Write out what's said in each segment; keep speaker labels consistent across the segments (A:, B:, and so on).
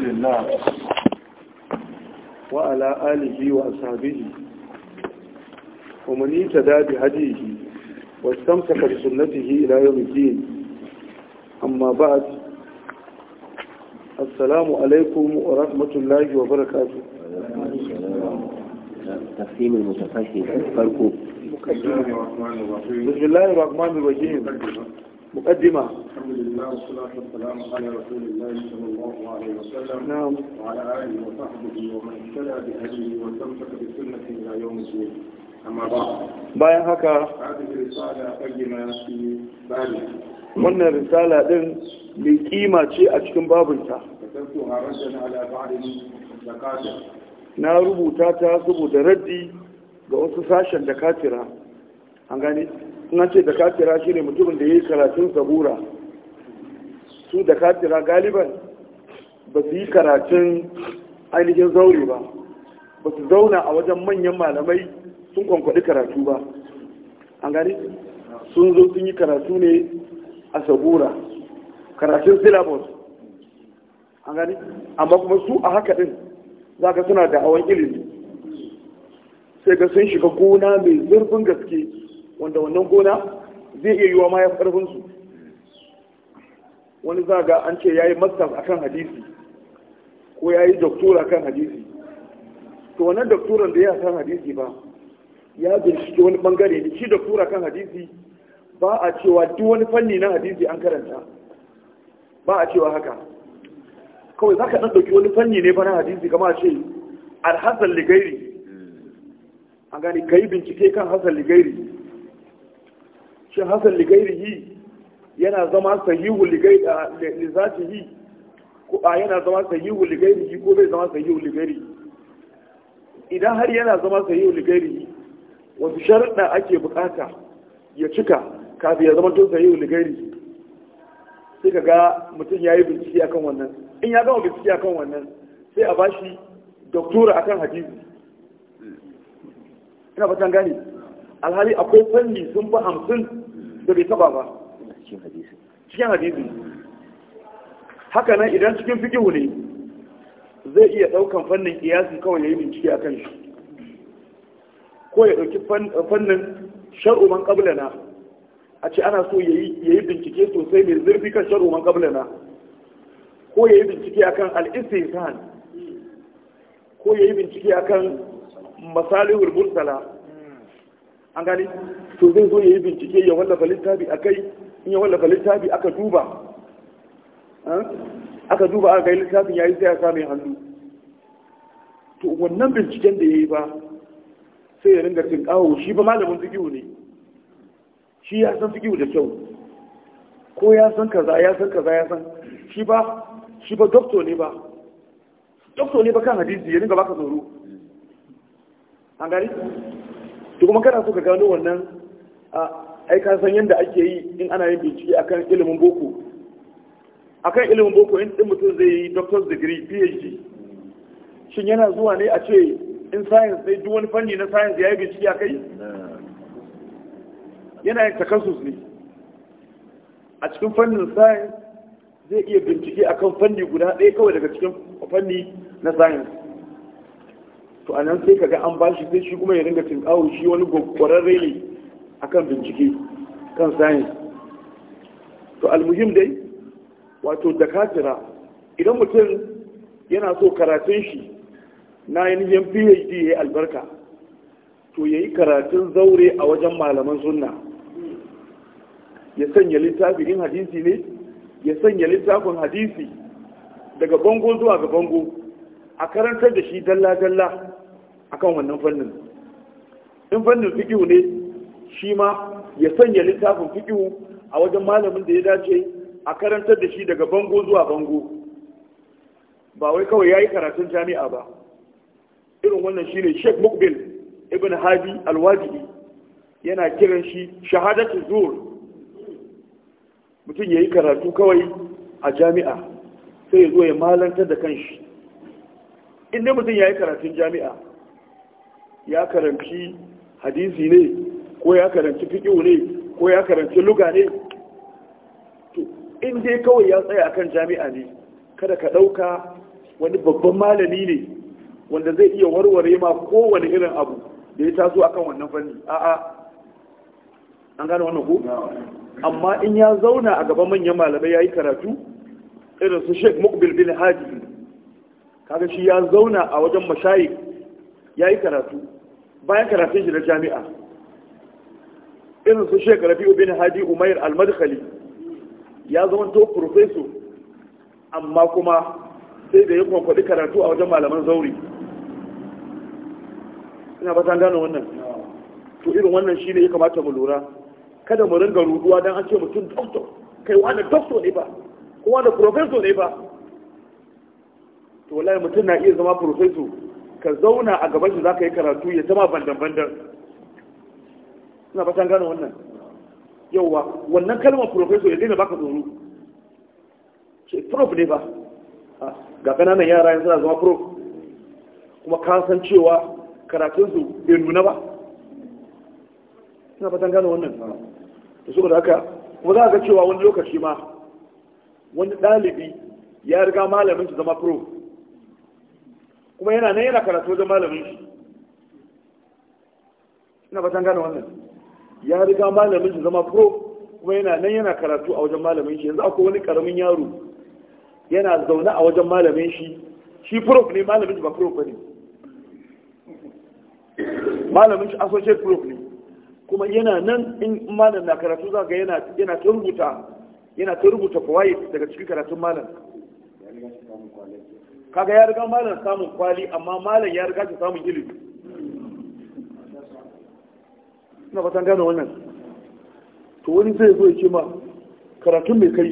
A: رسول الله وعلى آله وأصحابه ومن اهتدى بهديه واستمسك بسنته إلى يوم الدين أما بعد السلام عليكم ورحمة الله وبركاته تفهيم المتفهم فرقه بسم الله الرحمن الرحيم مقدمة
B: الحمد لله والصلاة والسلام على رسول الله صلى الله عليه وسلم نعم وعلى آله وصحبه ومن اهتدى بهديه واستمسك بسنته إلى يوم
A: الدين أما بعد bayan haka wannan risala din mai kima ce a cikin babinta na rubuta ta saboda raddi ga wasu sashen da katira an gane suna ce da katira shi ne mutumin da ya yi karatun sabura su da katira galiban ba su yi karatun ainihin zaure ba ba su zauna a wajen manyan malamai sun kwankwadi karatu ba an gani sun zo sun yi karatu ne a sabura karatun syllabus an gani amma kuma su a haka din za ka suna da awon ilimi sai ga sun shiga gona mai zurfin gaske wanda wannan gona zai iya yiwa ma ya karfin su wani za ga an ce ya yi mastaf akan hadisi ko ya yayi doctora kan hadisi to wannan doctoran da ya san hadisi ba ya bincike wani bangare ne shi doctora kan hadisi ba a cewa duk wani fanni na hadisi an karanta ba a cewa haka kawai za ka ɗan ɗauki wani fanni ne ba na hadisi kama a ce alhassan ligairi an gani ka yi bincike kan hassan ligairi shin hasan ligairihi yana zama sahihu ligairihi ko a yana zama sahihu ligairihi ko bai zama sahihu ligairihi idan har yana zama sahihu ligairihi wasu sharuɗa ake bukata ya cika kafin ya zama tun sahihu ligairihi sai ka ga mutum ya yi bincike akan wannan in ya gama bincike akan wannan sai a bashi doktora akan hadisi ina fatan gane alhali akwai fanni sun fi hamsin da bai taba ba cikin hadisi haka nan idan cikin fikihu ne zai iya daukan fannin kiyasi kawai ya yi bincike a kan shi ko ya dauki eh, fannin shar'uman kablana a ce ana so ya yi bincike sosai mai zurfi kan shar'uman kablana ko ya yi bincike akan al'isihsan ko ya yi bincike akan masalihul mursala an gani to zai zo ya yi bincike ya wallafa littafi a kai in ya wallafa littafi aka duba aka duba aka kai littafin ya yi sai a samun hannu to wannan binciken da ya yi ba sai ya ringa cin kawo shi ba malamin fikiyu ne shi ya san fikiyu da kyau ko ya san kaza ya san kaza ya san shi ba shi ba doktor ne ba dokto ne ba kan hadisi ya ringa baka tsoro an gari to kuma kana so ka gano wannan ai ka san yadda ake yi in ana yin bincike akan ilimin boko akan ilimin boko in din mutum zai yi doctor's degree phd shin yana zuwa ne a ce in science ne duk wani fanni na science ya yi bincike a kai yana yin takasus ne a cikin fannin science zai iya bincike akan fanni guda ɗaya kawai daga cikin fanni na science to anan sai kaga an bashi sai shi kuma ya ringa tinkawo shi wani gwaggwararre ne akan bincike kan sayin to almuhim dai wato da idan mutum yana so karatun shi na yanayin phd ya yi albarka to ya yi karatun zaure a wajen malaman sunna ya sanya littafi in hadisi ne ya sanya littafin hadisi daga bango zuwa ga bango a karantar da shi dalla-dalla akan wannan fannin in fannin fikihu ne shi ma ya sanya littafin fikihu a wajen malamin da ya dace a karantar da shi daga bango zuwa bango ba wai kawai ya yi karatun jami'a ba irin wannan shi ne sheikh mukbil ibn hadi alwajidi yana kiran shi shahadatu zuwa mutum ya yi karatu kawai a jami'a sai ya zo ya malantar da kanshi inda mutum ya yi karatun jami'a ya karanci hadisi ne ko ya karanci fiƙi ne ko ya karanci luga ne to in dai kawai ya tsaya akan jami'a ne kada ka ɗauka wani babban malami ne wanda zai iya warware ma kowane irin abu da ya taso akan wannan fanni a'a an gane wannan ko amma in ya zauna a gaban manyan malamai ya yi karatu irin su sheik mukbil bin hadi kaga shi ya zauna a wajen mashayikh ya yi karatu bayan karatun shi na jami'a irin su shek biyu bin hadi umair al-madkhali ya zama to professor amma kuma sai da ya kwakwadi karatu a wajen malaman zauri ina ba ta gano wannan to irin wannan shi ne ya kamata mu lura kada mu ringa ruduwa don an ce mutum doktor kai wani doktor ne ba kuma wani professor ne ba to wallahi mutum na iya zama professor ka zauna a gaban shi za ka yi karatu ya zama bandan-bandan suna fatan gane wannan yauwa wannan kalmar professor ya daina baka tsoro ce prof ne ba ah, ga kananan yara yanzu suna zama prof kuma ka san cewa karatunsu bai nuna ba suna fatan gane wannan da suka da haka kuma za a ga cewa wani lokaci ma wani ɗalibi ya riga malamin su zama prof kuma yana nan yana karatu wajen malamin shi ina batan gane wannan ya riga malamin shi zama pro kuma yana nan yana karatu a wajen malamin shi yanzu akwai wani karamin yaro yana zaune a wajen malamin shi shi prof ne malamin shi ba prof ne malamin shi associate prof ne kuma yana nan in malam na karatu za ga yana yana ta rubuta yana ta rubuta kawai daga cikin karatun malam kaga ya riga malam samun kwali amma malam ya riga shi samun ilimi ina fatan gane wannan to wani zai zo ya ce ma karatun mai kai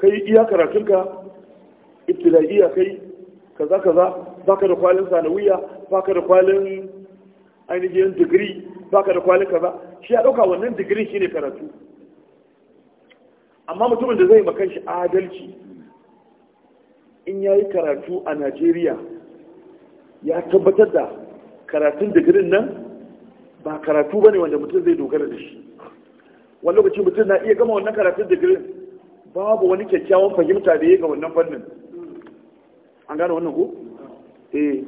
A: kai iya karatunka ibtidaiya kai kaza kaza baka da kwalin sanawiya baka da kwalin ainihin digiri baka da kwalin kaza shi ya dauka wannan digirin shine karatu amma mutumin da zai makan shi adalci in ya yi karatu a najeriya ya tabbatar da karatun digirin nan ba karatu ba ne wanda mutum zai dogara da shi wani lokaci mutum na iya gama wannan karatun digirin babu wani kyakkyawan fahimta da ya ga wannan fannin an gane wannan ko? eh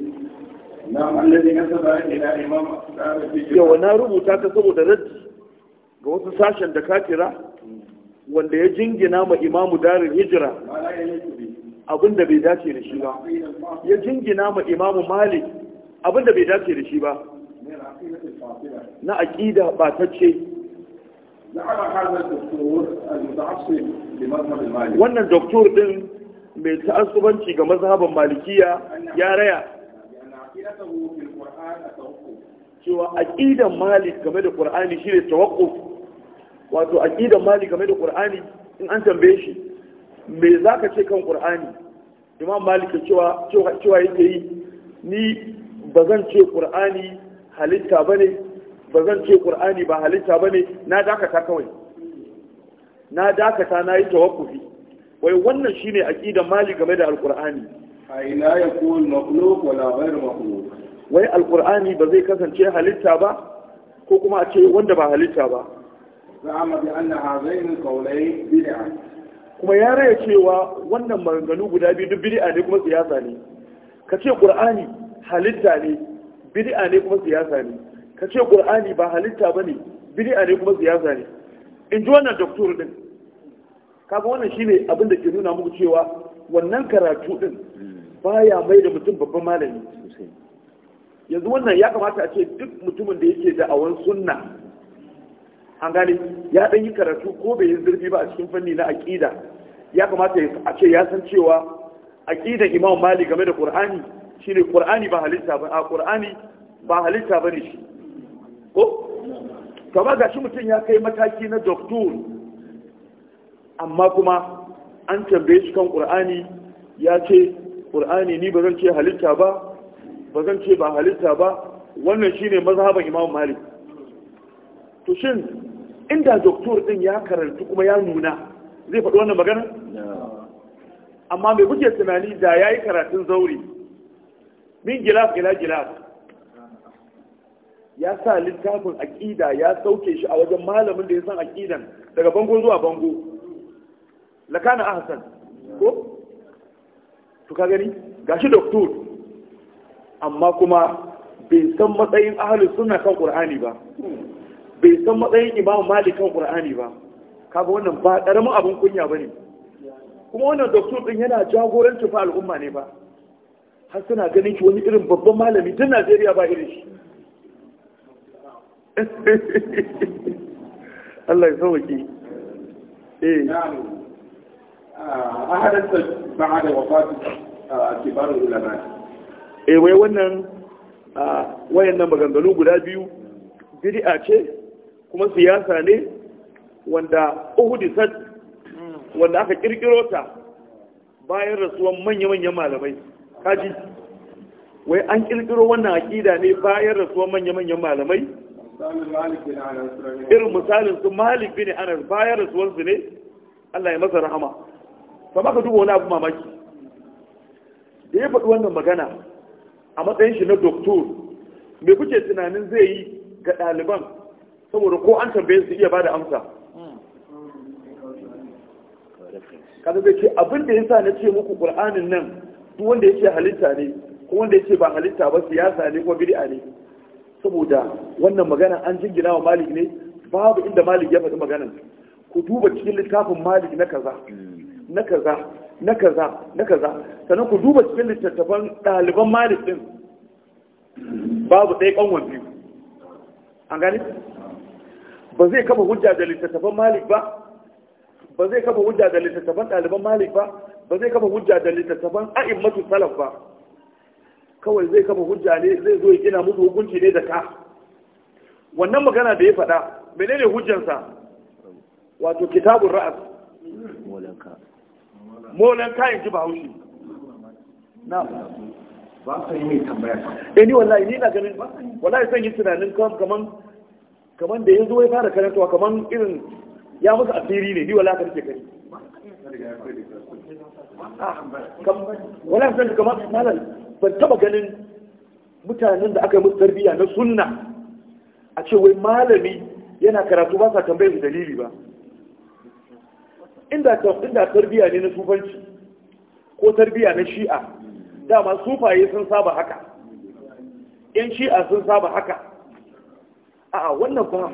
A: yawa na rubuta ta saboda raddi ga wasu sashen da ka kira hmm. wanda ya jingina ma imamu darin hijira abin da bai dace da shi ba ya jingina ma imamu malik abin da bai dace da shi ba na aƙida batacce wannan doktor din mai ta'assubanci ga mazhaban malikiya ya raya cewa aƙidan malik game da qur'ani shi ne tawakkuf wato aƙidan malik game da qur'ani in an tambaye shi me za ka ce kan ƙur'ani imam malik cewa cewa yake yi ni ba zan ce qur'ani halitta bane ba zan ce qur'ani ba halitta bane na dakata kawai na dakata na yi tawakkufi wai wannan shine aqidar malik game da alqur'ani a ina yakun makhluq wala ghairu makhluq wai alqur'ani ba zai kasance halitta ba ko kuma a ce wanda ba halitta ba
B: za'ama bi anna hazaini
A: qawlayn bid'a kuma ya raya cewa wannan maganganu guda biyu duk bid'a ne kuma siyasa ne ka ce qur'ani halitta ne bid'a ne kuma siyasa ne ka ce qur'ani ba halitta bane bid'a ne kuma siyasa ne in ji wannan doktor din kaga wannan shine abin da ke nuna muku cewa wannan karatu din baya mai da mutum babban malami yanzu wannan ya kamata a ce duk mutumin da yake da awan sunna an gane ya ɗan yi karatu ko bai yi zurfi ba a cikin fanni na aƙida ya kamata a ce ya san cewa aƙidan imam mali game da ƙur'ani shine ƙur'ani ba halitta ba a ƙur'ani ba halitta ba ne shi ko kama ga shi mutum ya kai mataki na doktor amma kuma an tambaye shi kan ƙur'ani ya ce ƙur'ani ni ba zan ce halitta ba ba zan ce ba halitta ba wannan shine mazhaban imam mali to shin inda doktor din ya karantu kuma ya nuna zai faɗi wannan magana amma mai kuke tunani da ya yi karatun zauri min gilas gila gilas ya sa littafin aƙida ya sauke shi a wajen malamin da ya san aƙidan daga bango zuwa bango lakana ahsan ko to ka gani gashi doktor amma kuma bai san matsayin ahalin sunna kan ƙur'ani ba bai san matsayin imamu malik kan qur'ani ba kaga wannan ba ɗarama abin kunya ba ne. kuma wannan doktor ɗin yana jagoranci fa al'umma ne ba har suna ganin ki wani irin babban malami tun Najeriya ba irin shi Allah ya sauke eh a ah, hadasa ba da wafatu ah, ulama eh wai wannan ah, wayannan maganganu guda biyu biri'a ce kuma siyasa ne wanda uhudisat wanda aka kirkiro ta bayan rasuwan manya-manyan malamai kaji wai an kirkiro wannan aƙida ne bayan rasuwan manya-manyan malamai irin misalin su malik bin anas bayan su ne Allah ya masa rahama ba ka duba wani abu mamaki da ya faɗi wannan magana a matsayin shi na doktor me kuke tunanin zai yi ga ɗaliban saboda ko an tambaye su iya bada amsa kada zai ce abin da yasa na ce muku qur'anin nan duk wanda yake halitta ne ko wanda yake ba halitta ba siyasa ne ko bid'a ne saboda wannan magana an jingina wa malik ne babu inda malik ya faɗi maganan ku duba cikin littafin malik na kaza na kaza na kaza na kaza sannan ku duba cikin littattafan ɗaliban malik din babu ɗaya ƙanwan biyu an gani ba zai kama hujja da littattafan malik ba ba zai kama hujja da littattafan ɗaliban malik ba ba zai kama hujja da littattafan a'immatu salaf ba kawai zai kama hujja ne zai zo ya gina musu hukunci ne da ka wannan magana da ya faɗa menene hujjansa wato kitabun ra'as molan kayan ji bahaushe na ba ka yi mai tambaya eh ni wallahi ni na ganin ba. wallahi san yi tunanin kaman kamar da yanzu ya fara karantawa kamar irin ya musu asiri ne ni wala ka nake wala san kamar malal ban taba ganin mutanen da aka yi musu tarbiyya na sunna a ce wai malami yana karatu ba sa tambayar dalili ba inda inda tarbiyya ne na sufanci ko tarbiyya na shi'a dama sufaye sun saba haka yan shi'a sun saba haka a'a wannan kuma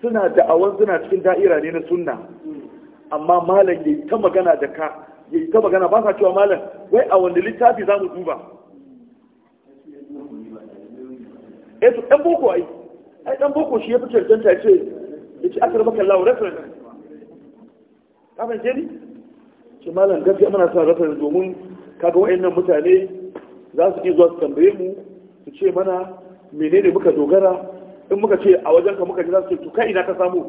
A: suna da'awan suna cikin da'ira ne na sunna amma malam ya ta magana da ka ya ta magana ba sa cewa malam wai a wanda littafi za mu duba eh to boko ai ai ɗan boko shi ya fi cancanta ce ce aka maka Allah reference ka fahimce ni ce malam gaskiya muna sa reference domin kaga nan mutane za su iya zuwa su tambaye mu su ce mana menene muka dogara in muka ce a wajen ka muka ji za su ce to kai ina ka samu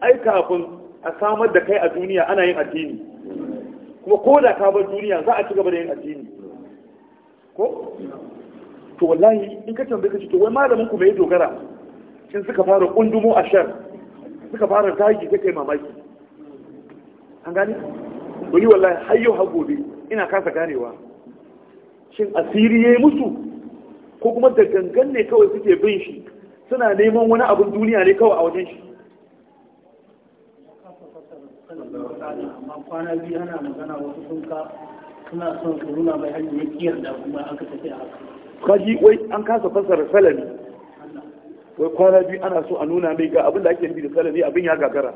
A: ai kafin a samar da kai a duniya ana yin addini kuma ko da ka bar duniya za a ci gaba da yin addini ko to wallahi in ka tambaye ka ce to wai malamin ku mai dogara kin suka fara kundumo a shar suka fara tagi ta kai mamaki an gane wani wallahi hayyo hagobe ina kasa ganewa shin asiri ya yi musu ko kuma da gangan ne kawai suke bin shi suna neman wani abin duniya ne kawai a wajen shi
B: amma magana wasu suna
A: son mai da kuma a haka kaji wai an kasa fassara salami wai kwana biyu ana so a nuna mai ga abin da ake nufi da salami abin ya gagara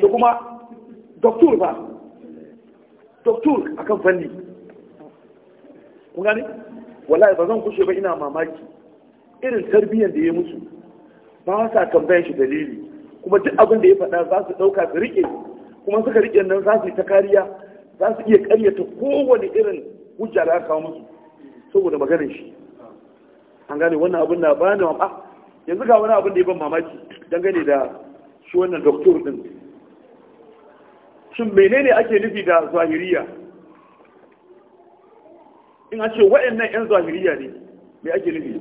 A: da kuma doktor ba doktor akan fanni kun gane wallahi ba zan kushe ba ina mamaki irin tarbiyyar da ya musu ba sa tambayan shi dalili kuma duk abin da ya faɗa za su ɗauka su riƙe kuma suka riƙe nan za su yi ta kariya za su iya ƙaryata kowane irin hujja da aka kawo musu saboda maganar shi an gane wannan abin na bani ma ah, yanzu ga wani abin da ya ban mamaki dangane da shi wannan doktor din shin menene ake nufi da zahiriya in a ce waɗannan 'yan zahiriya ne mai ake nufi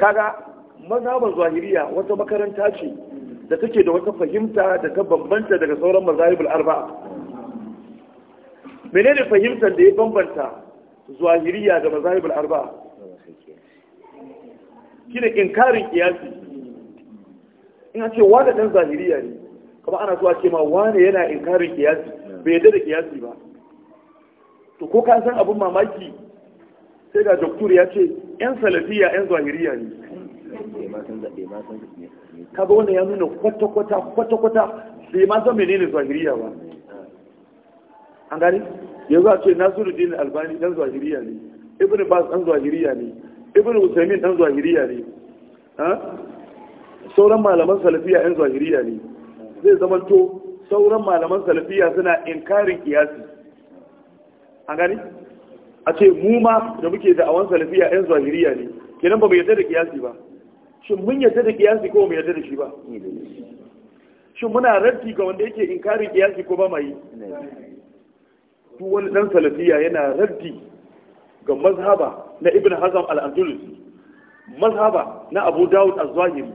A: kaga mazhaban zahiriya wata makaranta ce da take da wata fahimta da ta bambanta daga sauran mazahibul arba'a menene fahimtar da ya bambanta zahiriya da mazahibul arba'a shine inkarin kiyasi ina ce wa da ɗan zahiriya ne kuma ana zuwa ce ma wane yana inkarin kiyasi bai yadda da kiyasi ba to ko ka san abin mamaki sai ga doktor ya ce yan salafiya yan zahiriya ne ga wannan ya nuna kwata-kwata kwata-kwata bai ma san menene zahiriya ba an gani yanzu a ce dini albani dan zahiriya ne ibn bas dan zahiriya ne ibn usaimin dan zahiriya ne sauran malaman salafiya yan zahiriya ne zai zama to sauran malaman salafiya suna inkarin kiyasi an gani a ce mu ma da muke da awon salafiya yan zahiriya ne kenan ba mu yarda da kiyasi ba shin mun yarda da kiyasi ko mu yarda da shi ba shin muna raddi ga wanda yake inkarin kiyasi ko ba ma yi duk wani dan salafiya yana raddi ga mazhaba na ibn hazam al-andalusi mazhaba na abu dawud az-zahiri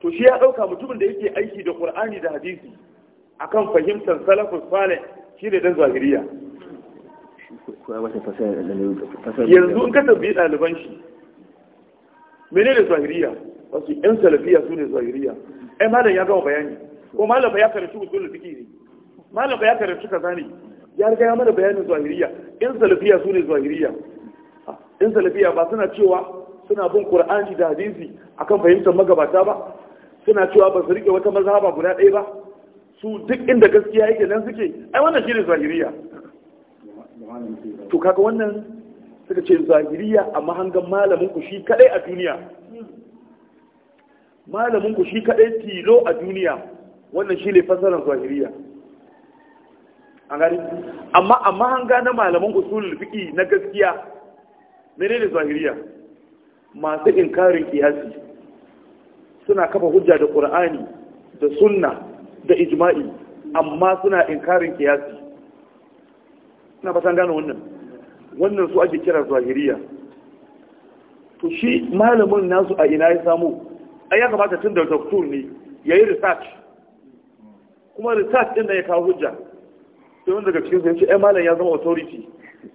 A: to shi ya dauka mutumin da yake aiki da qur'ani da hadisi akan fahimtar salafus salih shi ne dan zahiriya
B: yanzu in ka
A: tambayi ɗaliban shi mene ne zahiriya wasu yan salafiya su ne zahiriya ai malam ya gama bayani ko malam ya karanci usulul fiqh ne malam ya karanci kaza ne ya riga ya mana bayanin zahiriya yan salafiya su ne zahiriya yan salafiya ba suna cewa suna bin qur'ani da hadisi akan fahimtar magabata ba suna cewa ba su rike wata mazhaba guda ɗaya ba su duk inda gaskiya yake nan suke ai wannan shine zahiriya to kaga wannan suka ce zahiriya a mahangan malamin ku shi kadai a duniya malamin ku shi kadai tilo a duniya wannan shi ne fasarar zahiriya gari amma a mahanga na malamin usulul fiqi na gaskiya menene zahiriya masu inkarin kiyasi suna kafa hujja da qur'ani da sunna da ijma'i amma suna inkarin kiyasi na fasan gane wannan wannan su ake kira zahiriya to shi malamin nasu a ina ya samu ai ya kamata tun da doktor ne ya yi research kuma research din da ya kawo hujja sai wanda daga cikin sai ce ai malam ya zama authority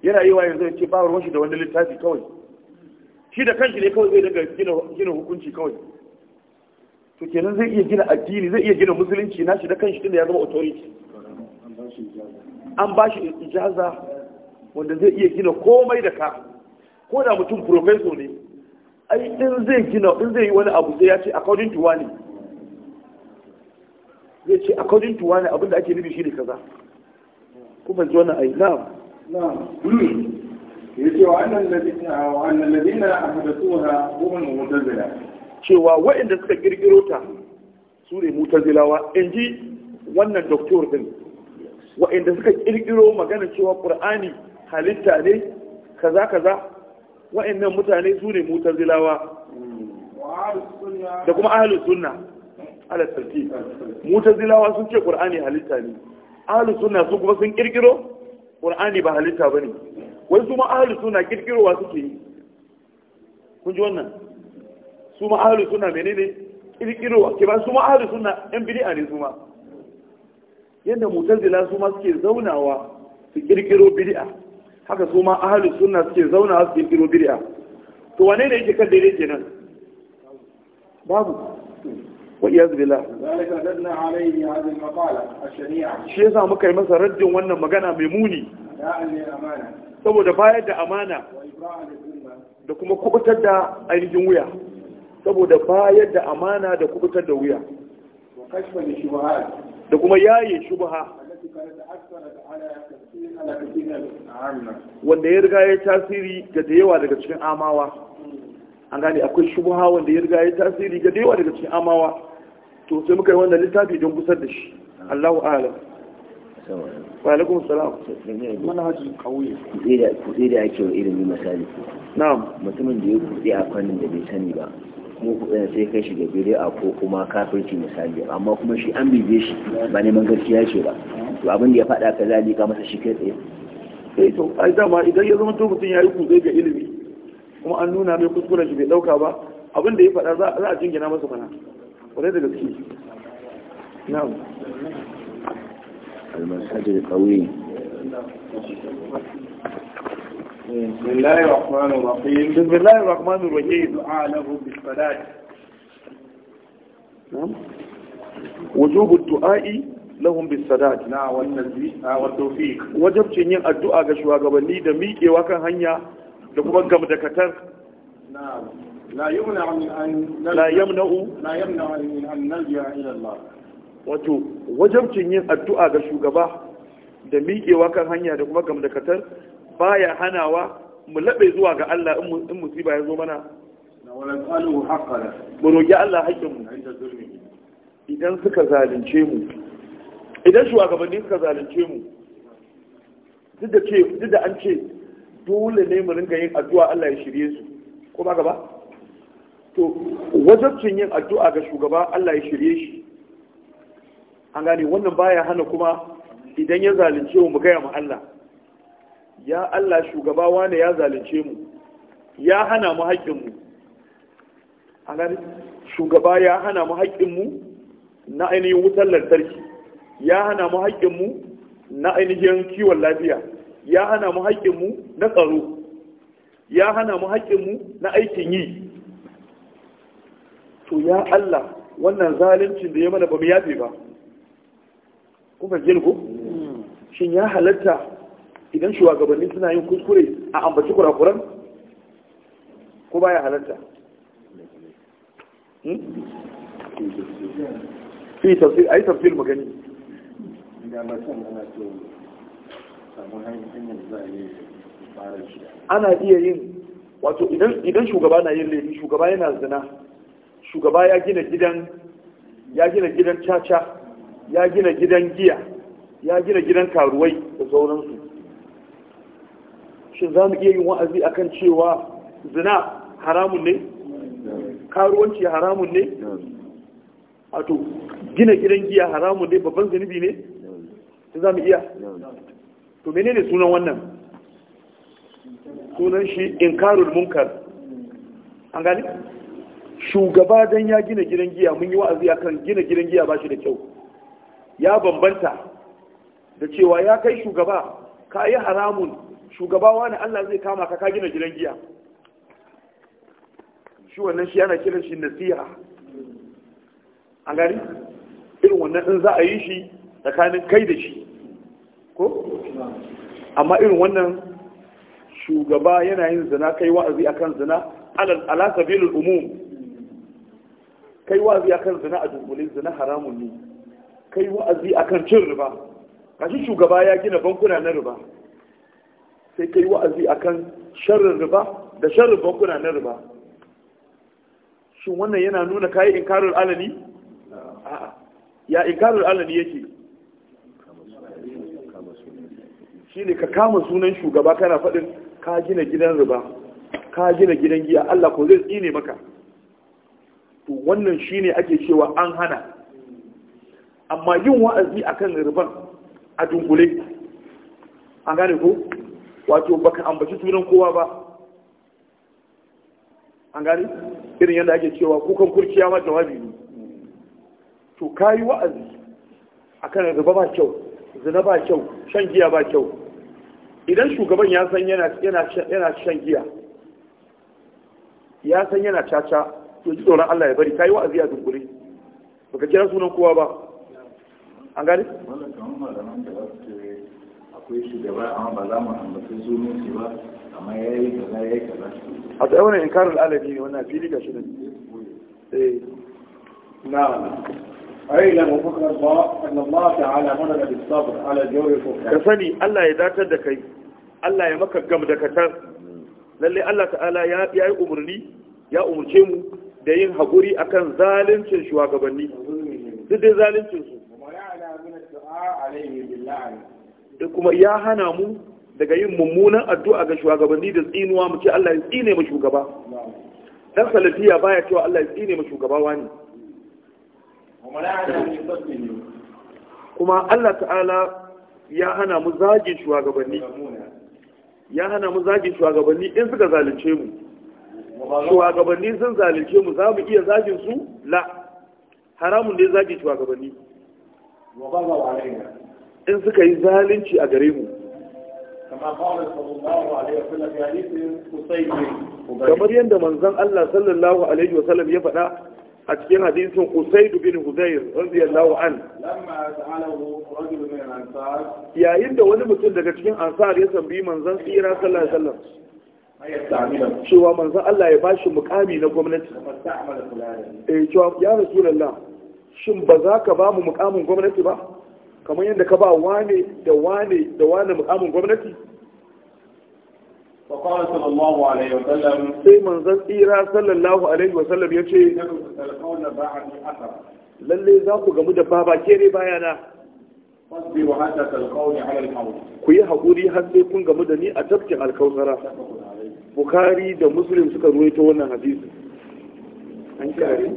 A: yana yi wa yanzu ya ce ba ruwan shi da wani littafi kawai shi da kanshi ne kawai zai daga gina hukunci kawai to kenan zai iya gina addini zai iya gina musulunci nashi da kanshi din da ya zama authority an ba shi ijaza wanda zai iya gina komai da ka ko da mutum profeso ne ai in zai gina din zai yi wani abu zai ya ce according to wani zai ce according to wani abinda ake nufi shi ne kaza kuma ji wannan ai na'am na'am yace wa ladina ahdathuha hum mu'tazila cewa waɗanda suka kirkiro ta su ne mutazilawa in ji wannan doktor din wa'inda suka kirkiro magana cewa qur'ani halitta ne kaza kaza wa'innan mutane su ne mutazilawa da kuma ahlus sunna ala tartib mutazilawa sun ce qur'ani halitta ne ahlus sunna su kuma sun kirkiro qur'ani ba halitta bane wai su ma ahlus sunna kirkirowa suke yi kun ji wannan su ma ahlus sunna menene kirkirowa ke ba su ma ahlus sunna yan bidi'a ne su ma yadda mutazila su ma suke zaunawa su kirkiro bid'a haka su ma ahli sunna suke zaunawa su kirkiro bid'a to wane ne yake kan daidai nan? babu wa iyaz billah zalika dadna alayhi hadhihi al-maqala ash-shari'a shi yasa muka yi masa raddin wannan magana mai muni saboda bayar da amana da kuma kubutar da ainihin wuya saboda bayar da amana da kubutar da wuya da kuma yaye shubha wanda ya riga ya tasiri ga da yawa daga cikin amawa an gane akwai shubha wanda ya riga ya tasiri ga da yawa daga cikin amawa to sai muka yi wannan littafi don gusar da shi Allahu a'lam wa alaikum salam mana haji kauye
B: kudi da ake wa irin misali na'am mutumin da ya kudi a kwanin da bai sani ba kuma kuɗin sai kai shi ga a ko kuma kafirci misali amma kuma shi an bibe shi ba neman gaskiya ce ba to abin da ya faɗa ka zali ka masa shi kai tsaye
A: sai eh to ai dama idan ya zama to tun ya yi kuzai ga ilimi kuma an nuna mai kuskuren shi bai ɗauka ba abin da ya faɗa za a jingina masa fana kwarai da gaske na'am
B: المساجد القوي بسم الله الرحمن الرحيم بسم الله
A: الرحمن الرحيم وجوب الدعاء bisadat na wajibcin yin addu'a ga shugabanni da miƙewa kan hanya da kuma gam da katar la an la la an nalja ila Allah wato wajibcin yin addu'a ga shugaba da miƙewa kan hanya da kuma gam baya hanawa mu laɓe zuwa ga Allah in musiba ya zo mana mu roƙi Allah haƙƙin mu idan suka zalunce mu idan shugabanni suka zalunce mu duk da an ce dole ne mu ringa yin addu'a Allah ya shirye su ko ba gaba to wajabcin yin addu'a ga shugaba Allah ya shirye shi an gane wannan baya hana kuma idan ya zalunce mu gaya mu Allah ya Allah shugaba wane ya zalunce mu ya hana mu haƙƙinmu mu. shugaba ya hana mu haƙƙinmu na ainihin wutar lantarki ya hana mu haƙƙinmu na ainihin kiwon lafiya ya hana mu haƙƙinmu na tsaro ya hana mu haƙƙinmu na aikin yi to ya Allah wannan zaluncin da ya mana ba mu yafe ba kuma jirgo hmm. shin ya halatta idan shugabanni suna yin kuskure a ambaci kurakuran ko baya halarta hmm? fi tafsir ai tafsir magani ana iya yin wato idan shugaba na yin laifi shugaba yana zina shugaba ya gina gidan ya gina gidan caca ya gina gidan giya ya gina gidan karuwai da sauransu shi za mu iya yin wa'azi akan cewa zina haramun ne karuwanci haramun ne to gina gidan giya haramun ne babban zunubi ne za mu iya to menene sunan wannan sunan shi inkarul munkar an gani shugaba don ya gina gidan giya mun yi wa'azi akan gina gidan giya ba shi da kyau ya bambanta da cewa ya kai shugaba ka yi haramun shugaba wani Allah zai kama ka ka gina gidan giya shi wannan shi yana kiran shi nasiha an gani irin wannan in za a yi shi tsakanin kai da shi ko amma irin wannan shugaba yana yin zina kai wa'azi akan zina ala sabilil umum kai wa'azi akan zina a dubulin zina haramun ne kai wa'azi akan cin riba kashi shugaba ya gina bankuna na riba sai kai wa'azi akan sharrin riba da sharrin bankuna na riba shin wannan yana nuna ka yi inkarar alani a'a ya inkarar alani yake ne ka kama sunan shugaba kana faɗin ka gina gidan riba ka gina gidan giya Allah ko zai tsine maka to wannan ne ake cewa an hana amma yin wa'azi akan riban a dunkule an gane ko wato baka ambaci sunan kowa ba an gani irin yadda ake cewa kukan kurciya ma jawabi ne to kayi wa'azi akan zuba ba kyau zina ba kyau shan giya ba kyau idan shugaban ya san yana shan giya ya san yana caca to ji tsoron Allah ya bari kayi wa'azi a dunkule baka kira sunan kowa ba an gani akwai shugaba amma ba za mu ambaci zumin shi ba amma ya yi kaza ya yi kaza a tsaye wani inkarar alabi ne wannan fili ga shi ne na أيضا وفكر الله أن الله تعالى مرد بالصبر على جور الفقراء كفني الله يذاكر دكي الله يمكر قم دكتر للي ya yi يا ya يا mu da yin haƙuri akan zaluncin shugabanni duk da zaluncin su Da kuma ya hana mu daga yin mummunan addu'a ga shugabanni da tsinuwa mu ce Allah ya tsine mu shugaba dan salafiya baya cewa Allah ya tsine mu shugaba wani kuma Allah ta'ala ya hana mu zagin shugabanni ya hana mu zagin shugabanni in suka zalunce mu shugabanni sun zalunce mu za mu iya zagin su la haramun ne zagin shugabanni in suka yi zalunci a gare mu kamar yadda manzon Allah sallallahu alaihi wasallam ya faɗa a cikin hadisin Usaid bin Hudayr radiyallahu an yayin da wani mutum daga cikin ansar ya tambayi manzon tsira sallallahu alaihi wasallam cewa manzon Allah ya bashi mukami na gwamnati eh cewa ya rasulullah shin ba za ka ba mu mukamin gwamnati ba kamar yadda ka ba wane da wane da wane mukamin gwamnati sai manzan tsira sallallahu alaihi wasallam ya ce lalle za ku gamu da baba ke ne bayana ku yi haƙuri har sai kun gamu da ni a tafkin alkautsara bukari da muslim suka ruwaito wannan hadisi an kyari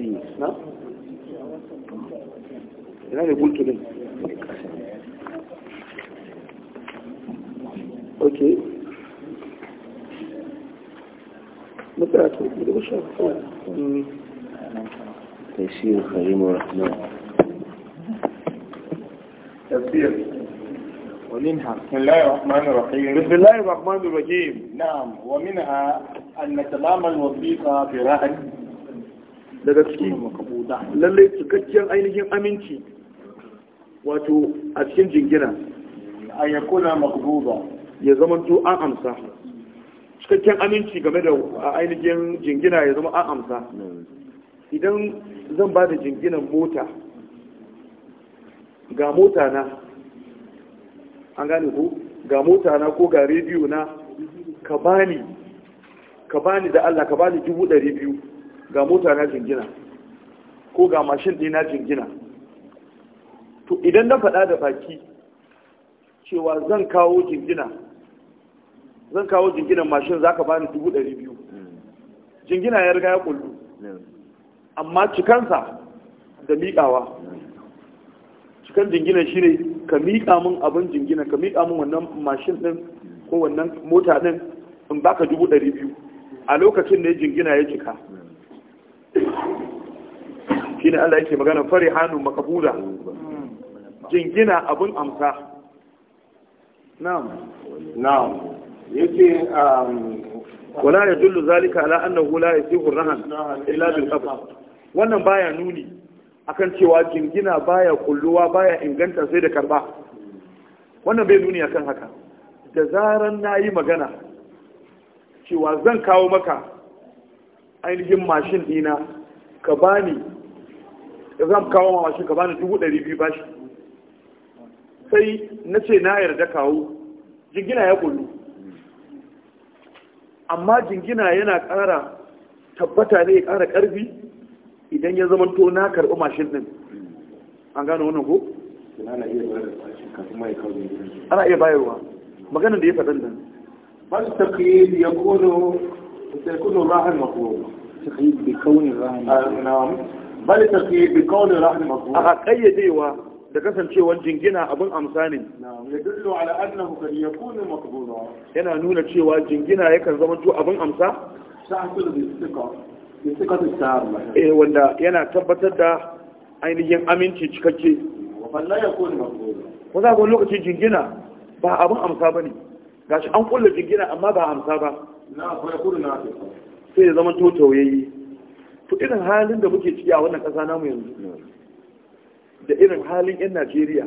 A: التأسيس نعم
B: لماذا قلت لي اوكي متأكد بالبشر تيسير خليم ورحمن تفسير ومنها بسم الله الرحمن الرحيم بسم الله
A: الرحمن الرحيم نعم ومنها أن كلام الوثيقة في رهن daga ciki lallai cikakken ainihin aminci wato a cikin jingina a yakuna maqbuda ya zama to an amsa cikakken aminci game da ainihin jingina ya zama an amsa idan zan ba da jinginan mota ga mota na an gane ku ga mota na ko ga rediyo na ka bani ka bani da Allah ka bani dubu ɗari biyu ga mota na jingina ko ga mashin ɗi na jingina to idan na faɗa da baki cewa zan kawo jingina zan kawo jinginan mashin za ka bani dubu ɗari biyu jingina ya riga ya kullu amma cikansa da miƙawa cikan jinginan shi ne ka miƙa min abin jingina ka miƙa min wannan mashin ɗin ko wannan mota ɗin in baka dubu ɗari biyu a lokacin ne jingina ya cika shine Allah yake magana farihanu Makabuda. jingina abun amsa na'am na'am yace um, wala yadullu zalika ala annahu la yasihu rahan illa bil qabr wannan baya nuni akan cewa jingina baya kulluwa baya inganta sai da karba wannan bai nuni akan haka da zaran nayi magana cewa zan kawo maka ainihin mashin dina ka bani zan kawo ma mashin ka bani dubu ɗari biyu bashi sai na ce na yarda kawo jingina ya kullu amma jingina yana ƙara tabbata ne ya ƙara ƙarfi idan ya zama to na karɓi mashin ɗin an gano wannan ko? ana iya bayarwa maganin da ya faɗin nan ba su tafiye ya kono كل راهن مطلوب تقييد بكون نعم بل تقييد بكون da kasancewar jingina abin amsa ne yana nuna cewa jingina yakan zama to abin amsa eh wanda yana tabbatar da ainihin aminci cikakke ko za ku lokacin jingina ba abin amsa ba ne gashi an kulle jingina amma ba amsa ba sai ya zama tauyayi to irin halin da muke ciki a wannan ƙasa namu yanzu da irin halin 'yan najeriya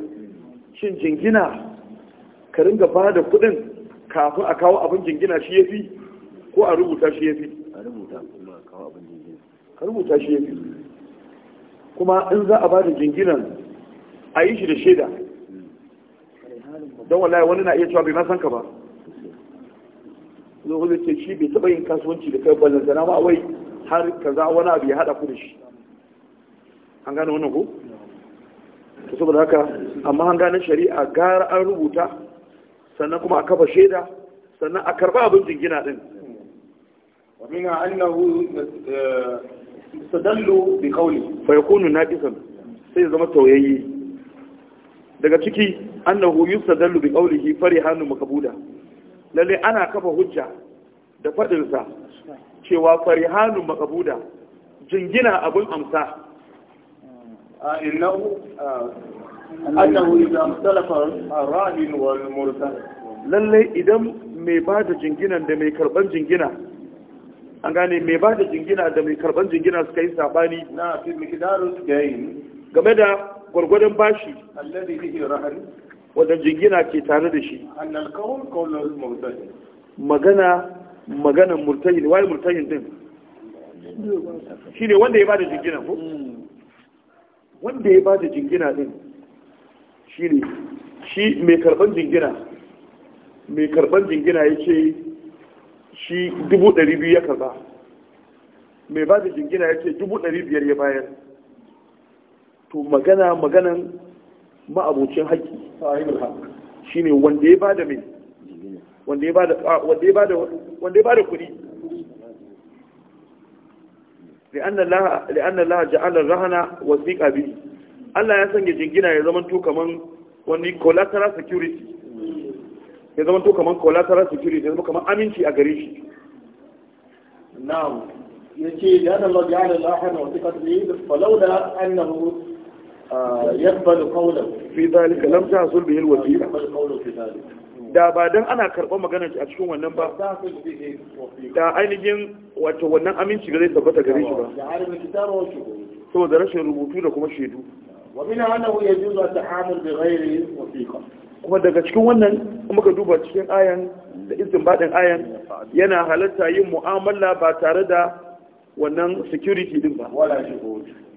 A: shin jingina ka ringa ba da kuɗin kafin a kawo abin jingina shi ya fi ko a rubuta shi ya fi a rubuta shi ya fi kuma in za a ba da jinginan a yi shi da shaida hmm. don wallahi wani na iya cewa bai masanka san ka ba zo zai ce shi bai taɓa yin kasuwanci da kai ballantana ba wai har kaza wani abu ya haɗa ku da shi an gane wannan ko to saboda haka amma an gane shari'a gara an rubuta sannan kuma a kafa shaida sannan a karba abin jingina din wamina annahu eh, istadallu bi qawli fa yakunu naqisan sai zama tauyayye daga ciki annahu yusadallu bi qawlihi farihanu makabuda lalle ana kafa hujja da faɗinsa cewa farihanun makabuda jingina abin amsa innahu annahu idan talafa ar-rahin wal mursal lalle idan mai ba da jinginan da mai karban jingina an gane mai ba da jingina da mai karban jingina suka yi sabani na fi miqdaru game da gwargwadon bashi alladhi bihi rahan wadda jingina ke tare da shi magana maganan ne, waye murtahi din Shi ne wanda ya bada jingina ko wanda ya bada jingina din shi ne. shi mai karban jingina mai karban jingina ya ce shi dubu ɗari biyu ya karba mai bada jingina ya ce dubu ɗari biyar ya bayar to magana maganan ma'abocin haƙƙi shine wanda ya bada mai wanda ya bada ah, wanda ya bada wanda ya bada kuɗi li'anna Allah ja'ala rahana wasiqa bihi Allah ya sanya jingina ya zama to kaman wani collateral security ya zama to kaman collateral security ya zama kaman aminci a gare shi na'am Ya yace ya Allah ja'ala rahana wasiqa bihi falawla annahu yaqbalu qawlan fi dhalika lam tahsul bihi alwasila da ba dan ana karɓar magana a cikin wannan ba da ainihin wato wannan aminci ga zai tabbata gare shi ba saboda rashin rubutu da kuma shaidu kuma daga cikin wannan muka duba cikin ayan da izin badin ayan yana halatta yin mu'amala ba tare da wannan security din ba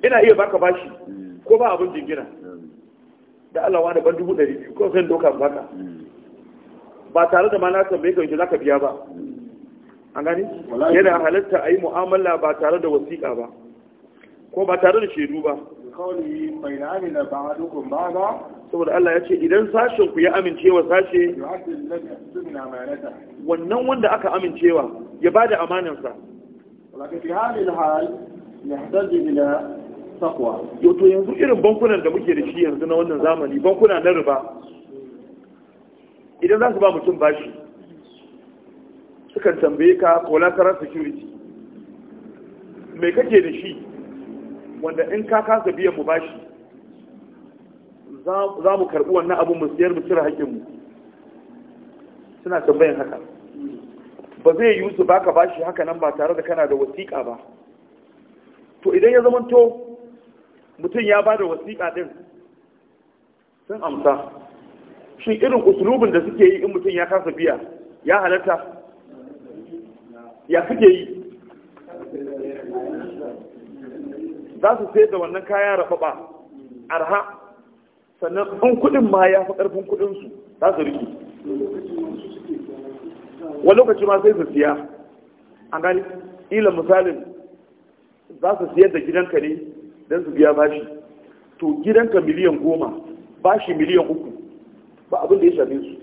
A: ina iya baka bashi ko ba abin jingina da Allah wani ban dubu ɗari ko sai doka baka ba tare da ma na tambaye ka yanzu zaka biya ba an gani yana halatta a yi mu'amala ba tare da wasiƙa ba ko ba tare da shaidu ba saboda Allah ya ce idan sashen ku ya amincewa sashe wannan wanda aka amincewa ya ba da amanansa ولكن في هذه الحال يحتاج إلى taqwa yau to yanzu irin bankunan da muke da shi yanzu na wannan zamani bankuna na riba idan za su ba mutum bashi sukan tambaye ka collateral security mai kake da shi wanda in ka kasa biyan mu bashi za mu karɓi wannan abin mu siyar mu cire haƙƙinmu suna tambayin haka ba zai yi su baka bashi haka nan ba tare da kana da wasiƙa ba to idan ya zama to mutum ya ba da wasiƙa ɗin sun amsa shi irin usulubin da suke yi in mutum ya kasa biya ya halatta ya suke yi za su sai da wannan kaya rababa, arha sannan in kuɗin ma ya fi ƙarfin kuɗinsu za su riki wani lokaci ma sai su siya an gani ila misalin za su siyar da gidanka ne don su biya bashi to gidanka miliyan goma bashi miliyan uku ba abin da ya shafe su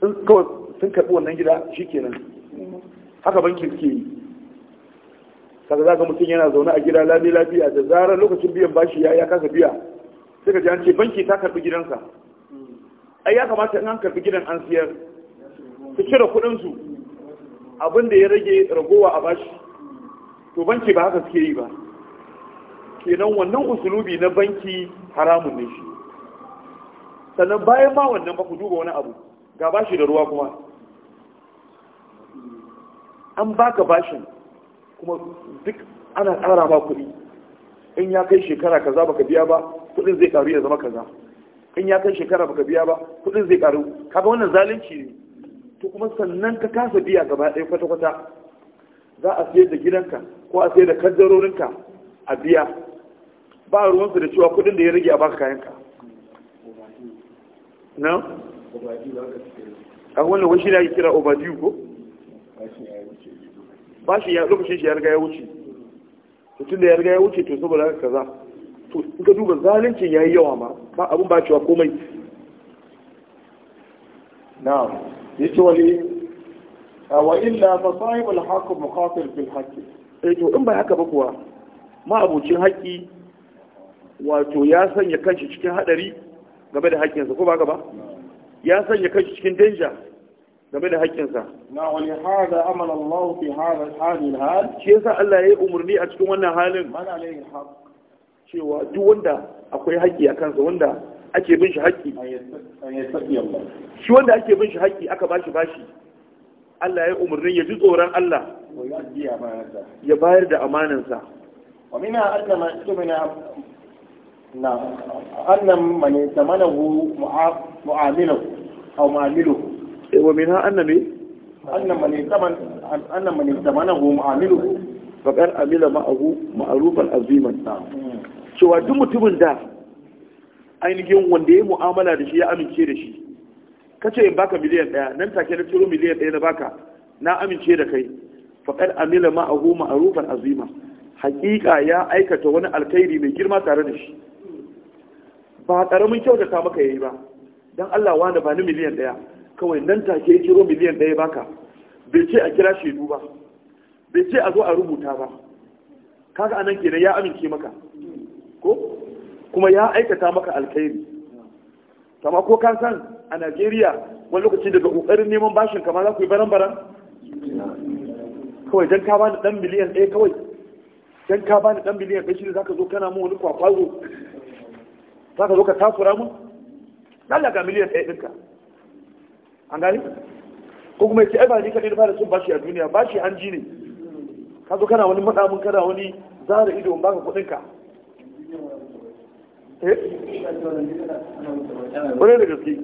A: sun kawai sun karɓi wannan gida shi kenan haka bankin suke yi kaga za ka mutum yana zaune a gida lami lafiya da zarar lokacin biyan bashi ya ya kasa biya sai ka ji an ce banki ta karɓi gidansa ai ya kamata in an karɓi gidan an siyar su cire kuɗinsu abin da ya rage ragowa a bashi to banki ba haka suke yi ba kenan wannan usulubi na banki haramun ne shi sannan bayan ma wannan ba ku duba wani abu ga bashi da ruwa kuma an baka bashin kuma duk ana ƙara ba kuɗi in ya kai shekara kaza baka biya ba kuɗin zai karu ya zama kaza in ya kai shekara baka biya ba kuɗin zai ƙaru kaga wannan zalunci ne to kuma sannan ka kasa biya gaba ɗaya kwata-kwata za a sayar da gidanka ko a sayar da kaddarorinka a biya ba a ruwansu da cewa kudin da ya rage a baka kayanka na? a wannan wani shi ne ya kira obadiyu ko? ba shi ya lokacin shi ya riga ya wuce tun da ya riga ya wuce to saboda haka kaza to in ka duba zalincin ya yi yawa ma ba abin ba cewa komai na ya ce wani wa illa fa sahibul haqq muqatil fil haqq eh to in ba haka ba kuwa ma abucin haƙƙi wato ya sanya kanshi cikin hadari game da haƙƙinsa ko ba ka ba ya sanya kanshi cikin danja game da haƙƙinsa na wani hada amal Allah fi hada halin hal shi yasa Allah ya yi umarni a cikin wannan halin man alayhi haq cewa duk wanda akwai haƙƙi a kansa wanda ake bin shi haƙƙi shi wanda ake bin shi haƙƙi aka bashi bashi Allah ya umarni ya ji tsoron Allah ya bayar da amanansa wa mina annama tumina na annan mane zamanahu mu'amilahu aw mu'amiluhu wa minha anna me annan mane zaman annan mane zamanahu mu'amiluhu faqad amila ma'ahu ma'rufan aziman cewa duk mutumin da ainihin wanda ya mu'amala da shi ya amince da shi kace in baka miliyan ɗaya, nan take na ciro miliyan ɗaya na baka na amince da kai faqad amila ma'ahu ma'rufan azima haƙiƙa ya aikata wani alkhairi mai girma tare da shi ba ƙaramin kyautata maka yayi ba don Allah wani ba ni miliyan ɗaya kawai nan take ke kiro miliyan ɗaya baka bai ce a kira shaidu ba bai ce a zo a rubuta ba kaga anan kenan ya amince maka ko kuma ya aikata maka alkhairi kama ko ka san a Najeriya wani lokaci daga kokarin neman bashin kama za ku yi baran-baran kawai dan ka bani dan miliyan ɗaya kawai dan ka bani dan miliyan ɗaya shi ne zaka zo kana mu wani kwakwazo za ka zo ka takura mun Allah ga miliyan ɗaya ɗinka an gani ko kuma yake ai ba ni kaɗai na fara sun bashi a duniya bashi an ji ne ka zo kana wani maɗa kana wani zara ido baka kuɗinka eh? wani da gaske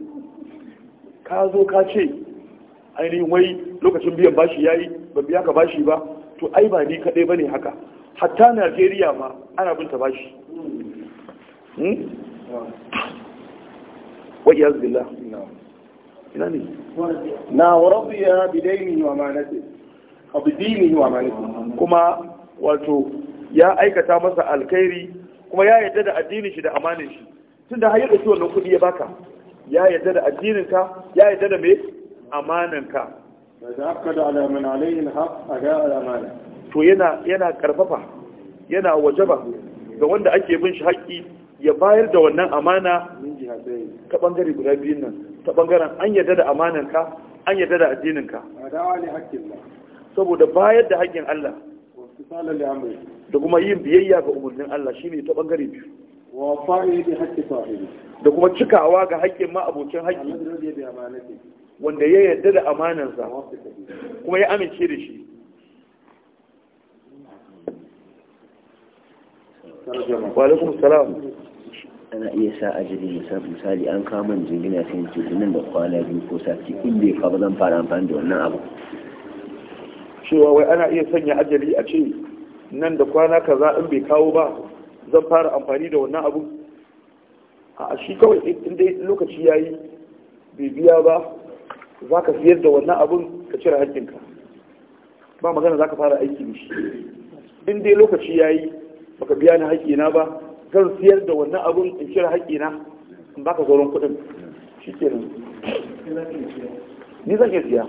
A: ka zo ka ce ainihin wai lokacin biyan bashi yayi ban biya ka bashi ba to ai ba ni kaɗai ba ne haka hatta najeriya ma ana binta bashi hmm? wa iyaz billah ina ne na rabbiya bidaini wa manati abdini wa manati kuma wato ya aikata masa alkhairi kuma ya yarda da addinin shi da amanin shi tunda har ya shi wannan kudi ya baka ya yarda da addinin ka ya yarda da mai amanan ka tazakkada ala man alayhi alhaq ada amana to yana yana karfafa yana wajaba ga wanda ake bin shi haƙƙi ya bayar da wannan amana ta bangare guda biyun nan ta bangaren an yarda da amananka an yarda da addininka saboda bayar da haƙƙin Allah da kuma yin biyayya ga umarnin Allah shi ne ta bangare biyu da kuma cikawa ga haƙƙin ma abokin haƙƙi wanda ya yarda da amanansa kuma ya amince da shi wa alaikum salam
B: ana iya sa a jirgin misali an kama jingina sai ce nan da kwana biyu ko sati inda ya ka ba zan fara amfani da wannan abu
A: cewa wai ana iya sanya ajali a ce nan da kwana kaza in bai kawo ba zan fara amfani da wannan abu a shi kawai in dai lokaci yi bai biya ba za ka siyar da wannan abun ka cire haƙƙinka ba magana za ka fara aiki da shi in dai lokaci ya ba baka biya ni haƙƙina ba zan siyar da wannan abun in kira haƙƙi na in baka sauran kuɗin shi ke
B: nan
A: ni zan iya siya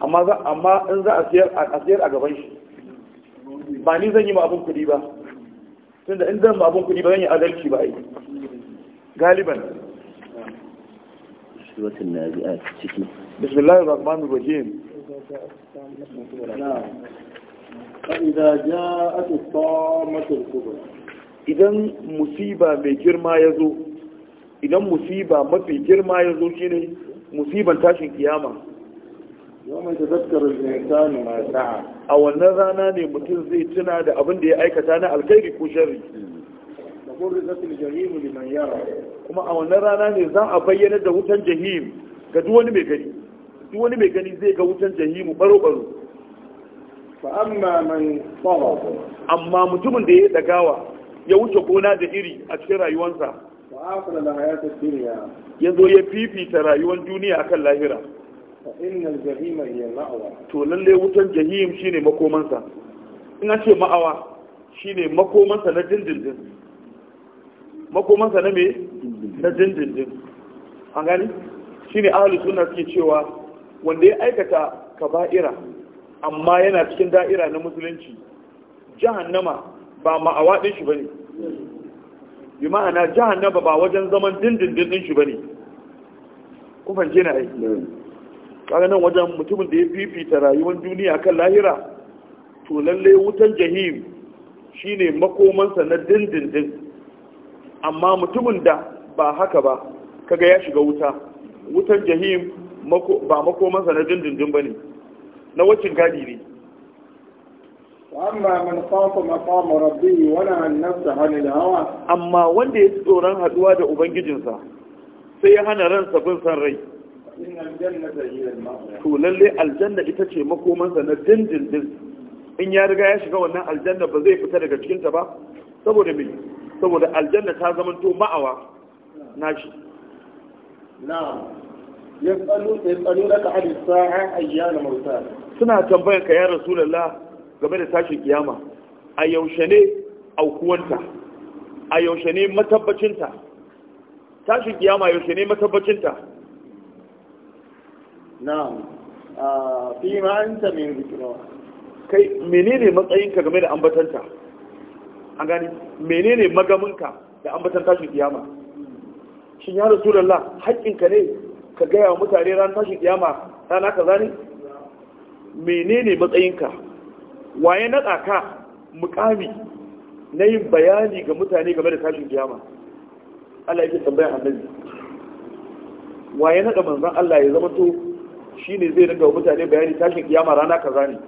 A: amma amma in za a siyar a a gaban shi ba ni zan yi ma abun kuɗi ba tunda in zan ma abun kuɗi ba zan yi adalci ba ai galiban بسم الله الرحمن rahim فإذا جاءت الطامة الكبرى idan musiba mai girma ya zo idan musiba mafi girma ya zo shine musiban tashin kiyama yawon da zaskar insani ma a wannan rana ne mutum zai tuna da abin da ya aikata na alkhairi ko shari kuma a wannan rana ne za a bayyana da wutan jahim ga duk wani mai gani duk wani mai gani zai ga wutan jahimu baro baro amma mutumin da ya dagawa ya wuce gona da iri a cikin rayuwansa yanzu ya fifita rayuwar duniya akan lahira to lalle wutan jahim shine makomansa in an ce ma'awa shine makomansa na dindindin makomansa na me na dindindin an gani shine ahlus suna suke cewa wanda ya aikata ka ba'ira, amma yana cikin da'ira na musulunci jahannama ba ma a waɗin shi bane yi ma'ana jihar na ba wajen zaman dindindin ɗin shi bane ne kufan na yi. kaga nan wajen mutumin da ya fifita rayuwar duniya kan lahira to lalle wutan jahim shine makomansa na dindindin amma mutumin da ba haka ba kaga ya shiga wuta wutan jahim ba makomansa na dindindin bane na wacin gadi ne amma man khafa maqam rabbih wa nahaa an-nafsa al hawa amma wanda ya tsoron haduwa da ubangijinsa sai ya hana ransa bin san rai to lalle aljanna ita ce makomansa na dindindin in ya riga ya shiga wannan aljanna ba zai fita daga cikinta ba saboda me saboda aljanna ta zama to ma'awa nashi na'am yasalu yasalu laka hadis sa'a ayyana mursa suna tambayar ka ya rasulullah game da tashin kiyama a yaushe ne aukuwanta a yaushe ne matabbacinta tashin kiyama yaushe ne matabbacinta a fi ma anta min zikra kai menene matsayinka game da ambatanta an gani menene magaminka da ambatan tashin kiyama shin ya rasu rasulullah haƙinka ne ka gaya wa mutane ran tashin kiyama ta naka ne menene matsayinka waye na ka mukami na yin bayani ga mutane game da tashin kiyama Allah yake tambayar annabi waye nada manzan Allah ya zama to shine zai ringa mutane bayani tashin kiyama rana kaza ne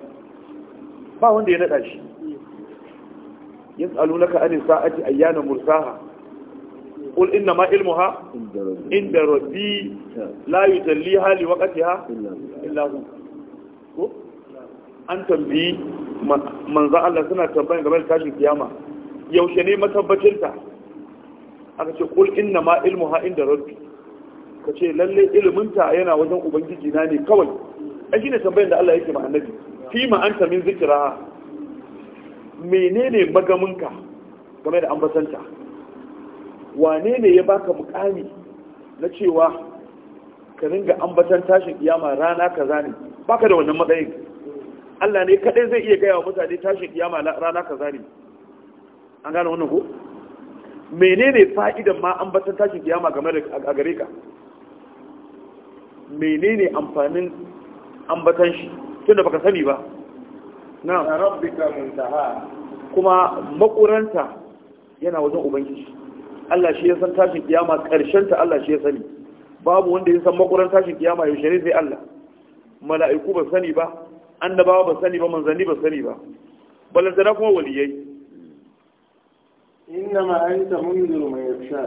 A: ba wanda ya nada shi yas'alunaka anin sa'ati ayyana mursaha قل إنما علمها عند ربي لا يجليها لوقتها إلا هو an tambayi manzan Allah suna tambayin game da tashin kiyama yaushe ne matabbacinta aka ce kul inna ma ilmu ha inda rabbi ka ce lalle iliminta yana wajen ubangiji na ne kawai a shi ne tambayin da Allah yake ma annabi fi ma anta min zikira menene magaminka game da ambatanta wane ne ya baka mukami na cewa ka ringa ambatan tashin kiyama rana kaza ne baka da wannan matsayin Allah ne kadai zai iya gaya wa mutane tashin kiyama rana kaza ne an gane wannan ko menene fa'idan ma an batan tashin kiyama game da a gare ka menene amfanin ambatan shi tunda baka sani ba na rabbika muntaha kuma makuranta yana wajen ubangiji Allah shi ya san tashin kiyama karshen ta Allah shi ya sani babu wanda ya san makuran tashin kiyama yaushe ne sai Allah mala'iku ba sani ba annabawa ba sani ba manzanni ba sani ba balantana kuma waliyai inna ma anta munziru mai yasha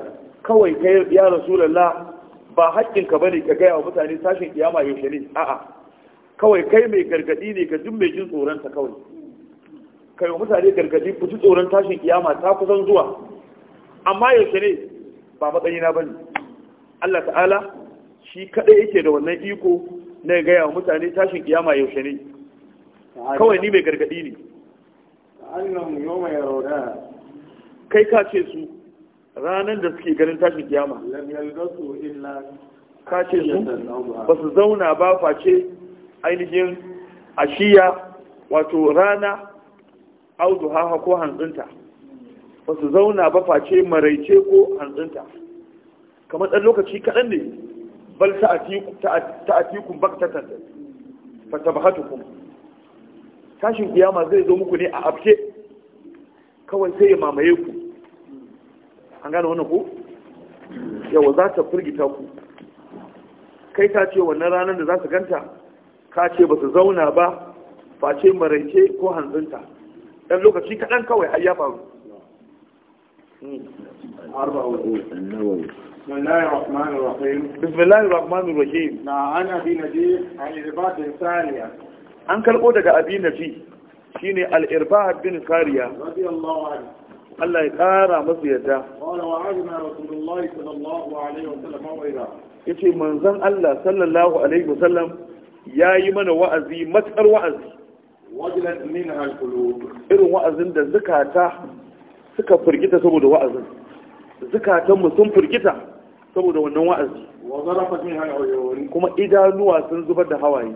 A: kawai kai ya rasulullah ba haƙƙin ka bane ka gaya wa mutane sashin kiyama yaushe ne a'a kawai kai mai gargadi ne ka jin mai jin tsoron ta kawai kai wa mutane gargadi ku ji tsoron tashin kiyama ta kusan zuwa amma yaushe ne ba na bane Allah ta'ala shi kadai yake da wannan iko na gaya wa mutane tashin kiyama yaushe ne kawai ni mai gargadi ne kai ka ce su ranar da suke ganin tashin kiyama ka ce su ba su zauna ba face ainihin ashiya wato rana audu haha ko hanzunta, ba su zauna ba face maraice ko hanzunta. kamar ɗan lokaci kaɗan ne bal ta'atikun ba hatukun tashin kiyama zai zo muku ne a afke kawai sai ya mamaye ku an gane wannan ku yawa za ta firgita ku kai ta ce wannan ranar da za su ganta ka ce ba su zauna ba face maraice ko hanzunta. dan lokaci kaɗan kawai ai ya faru بسم الله الرحمن الرحيم بسم الله الرحمن الرحيم نعم أنا بنجيب عن الرباط الثانية an karɓo daga abi nafi shine al-irba bin kariya Allah ya ƙara masu yadda yace manzon Allah sallallahu alaihi wasallam yayi mana wa'azi matsar wa'azi wajilat minha al-qulub irin wa'azin da zakata suka firgita saboda wa'azin zukatanmu sun firgita saboda wannan wa'azi kuma idanuwa sun zubar da hawaye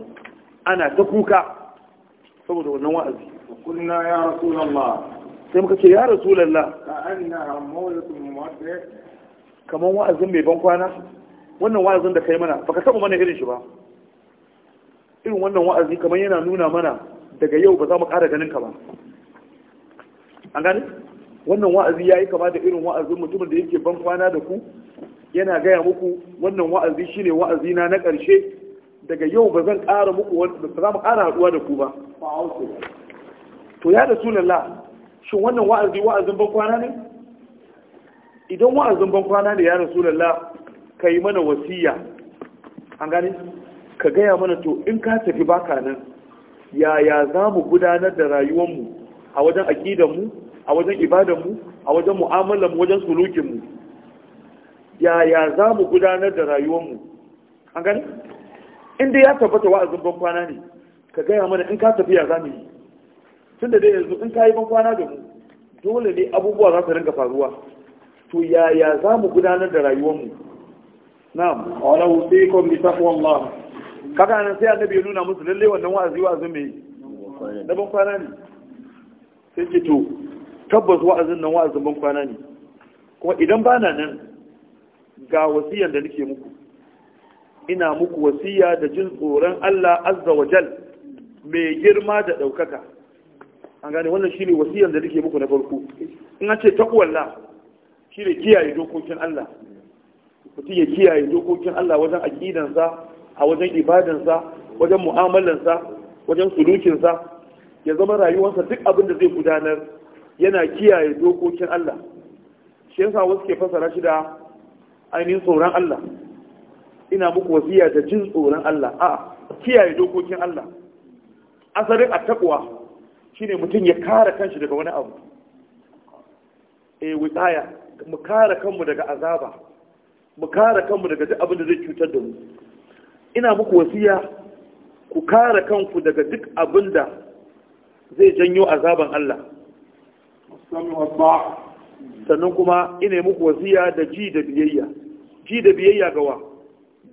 A: ana ta kuka saboda wannan wa'azi kunna ya rasulullah sai muka ce ya rasulullah ka anna mawlatu muwaddi kaman wa'azin mai ban kwana wannan wa'azin da kai mana baka taba mana irin shi ba irin wannan wa'azi kaman yana nuna mana daga yau ba za mu ƙara ganin ka ba an gani wannan wa'azi yayi kama da irin wa'azin mutumin da yake ban kwana da ku yana gaya muku wannan wa'azi shine wa'azi na na ƙarshe daga yau ba zan ƙara muku ba za mu ƙara haɗuwa da ku ba to ya da la, shin wannan wa'azi wa'azin ban kwana ne idan wa'azin ban kwana ne ya rasulalla ka yi mana wasiya an gani ka gaya mana to in ka tafi baka nan yaya za mu gudanar da rayuwarmu a wajen aƙidanmu a wajen ibadanmu a wajen mu'amalanmu wajen sulukinmu yaya za mu gudanar da rayuwarmu an gani inda ya tabbata wa'azin ban kwana ne ka gaya mana in ka tafiya za mu yi tun da dai yanzu in ka yi ban kwana da mu dole ne abubuwa za su ringa faruwa to yaya za mu gudanar da rayuwarmu na'am wala usikum bi taqwallah kaga nan sai annabi ya nuna musu lalle wannan wa'azi wa'azin mai na ban kwana ne sai ce to tabbas wa'azin nan wa'azin ban kwana ne kuma idan bana nan ga wasiyan da nake muku ina muku wasiya da jin tsoron Allah azza wa jal mai girma da ɗaukaka an gane wannan shine wasiyar da nake muku na farko in an ce takwalla shine kiyaye dokokin Allah mutum ya kiyaye dokokin Allah wajen aƙidansa a wajen ibadansa wajen mu'amalansa wajen sulukinsa ya zama rayuwarsa duk abin da zai gudanar yana kiyaye dokokin Allah shi yasa wasu ke fasara shi da ainihin tsoron Allah ina muku wasiya da jin tsoron Allah a kiyaye dokokin Allah asalin attaqwa shine mutum ya kare kanshi daga wani abu eh wutsaya. mu kare kanmu daga azaba mu kare kanmu daga duk abin da zai cutar da mu ina muku wasiya ku kare kanku daga duk abin da zai janyo azaban Allah sannan kuma ina muku wasiya da ji da biyayya ji da biyayya ga wa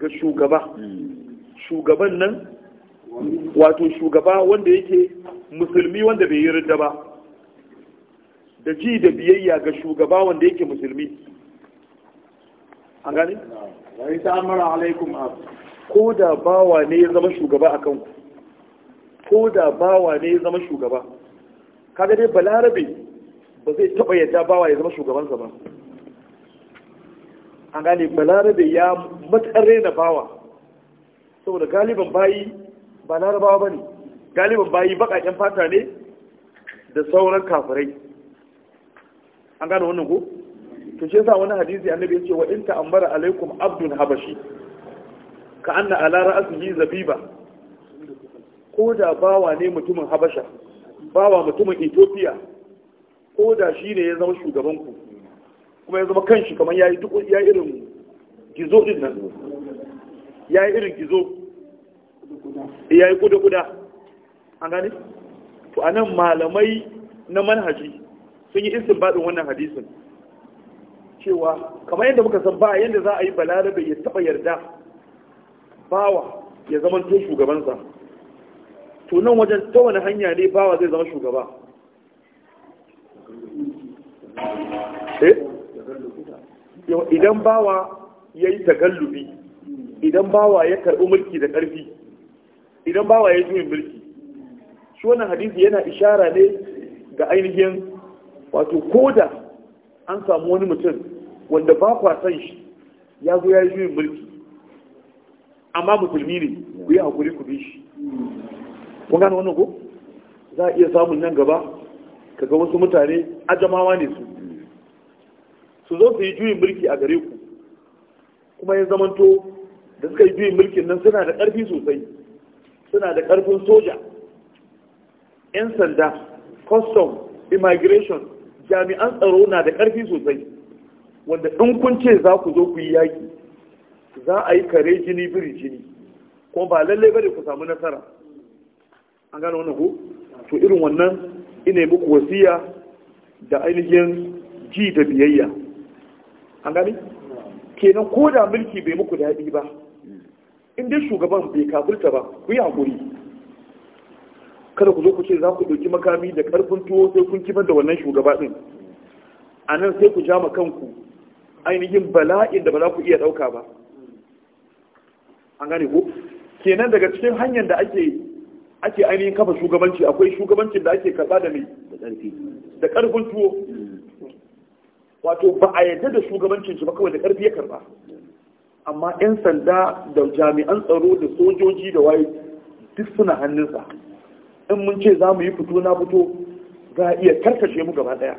A: ga shugaba hmm. shugaban nan wato shugaba wanda yake musulmi wanda bai yi ba da ji da biyayya ga shugaba wanda yake musulmi an gane? wani ta'amara alaikum abu ko da bawa ne ya zama shugaba a kanku ko da bawa ne ya zama shugaba kaga dai balarabe ba zai taɓa yadda bawa ya zama shugabansa ba an gane balarabe ya matsar rena bawa saboda galiban bayi ba larabawa ba ne galiban bayi bakaken fata ne da sauran kafirai an gane wannan ko to shi yasa wani hadisi annabi ya ce wa in ta'ammara alaikum abdul habashi ka anna ala ra'sihi zabiba ko da bawa ne mutumin habasha bawa mutumin ethiopia ko da shi ne ya zama shugaban ku kuma ya zama kanshi kamar ya yi irin gizo din nan ya yi irin gizo ya yi kuda-kuda an gani? to anan malamai na manhaji sun yi isin baɗin wannan hadisin cewa kamar yadda muka san ba yadda za a yi balarabe ya taɓa yarda bawa ya zama to shugabansa to nan wajen ta wani hanya ne bawa zai zama shugaba eh? idan bawa ya yi tagallubi idan bawa ya karɓi mulki da ƙarfi idan bawa ya juyin mulki shi wannan hadisi yana ishara ne ga ainihin wato ko da an samu wani mutum wanda ba kwa san shi ya zo ya yi juyin mulki amma musulmi ne ku yi hakuri ku bi shi kun gano wannan ko za a iya samun nan gaba kaga wasu mutane ajamawa ne su su zo su yi juyin mulki a gare ku kuma ya zamanto da suka yi juyin mulkin nan suna da ƙarfi sosai suna da ƙarfin soja 'yan sanda custom immigration jami'an tsaro na da ƙarfi sosai wanda in kun ce za ku zo ku yi yaƙi za a yi kare jini biri jini kuma ba lallai bane ku samu nasara an gane wannan ku. to irin wannan ina muku wasiya da ainihin ji da biyayya an gani kenan ko da mulki bai muku daɗi ba in dai shugaban bai kafurta ba ku yi hakuri kada ku zo ku ce za ku ɗauki makami da ƙarfin tuwo sai kun kifar da wannan shugaba ɗin a nan sai ku jama kanku ainihin bala'in da ba za ku iya ɗauka ba an gane ko kenan daga cikin hanyar da ake ake ainihin kafa shugabanci akwai shugabancin da ake karɓa da mai da ƙarfin tuwo wato ba a yadda da shugabancin shi ba kawai da ƙarfi ya karba amma 'yan sanda da jami'an tsaro da sojoji da waye duk suna hannunsa in mun ce za mu yi fito na fito za a iya karkashe mu gaba ɗaya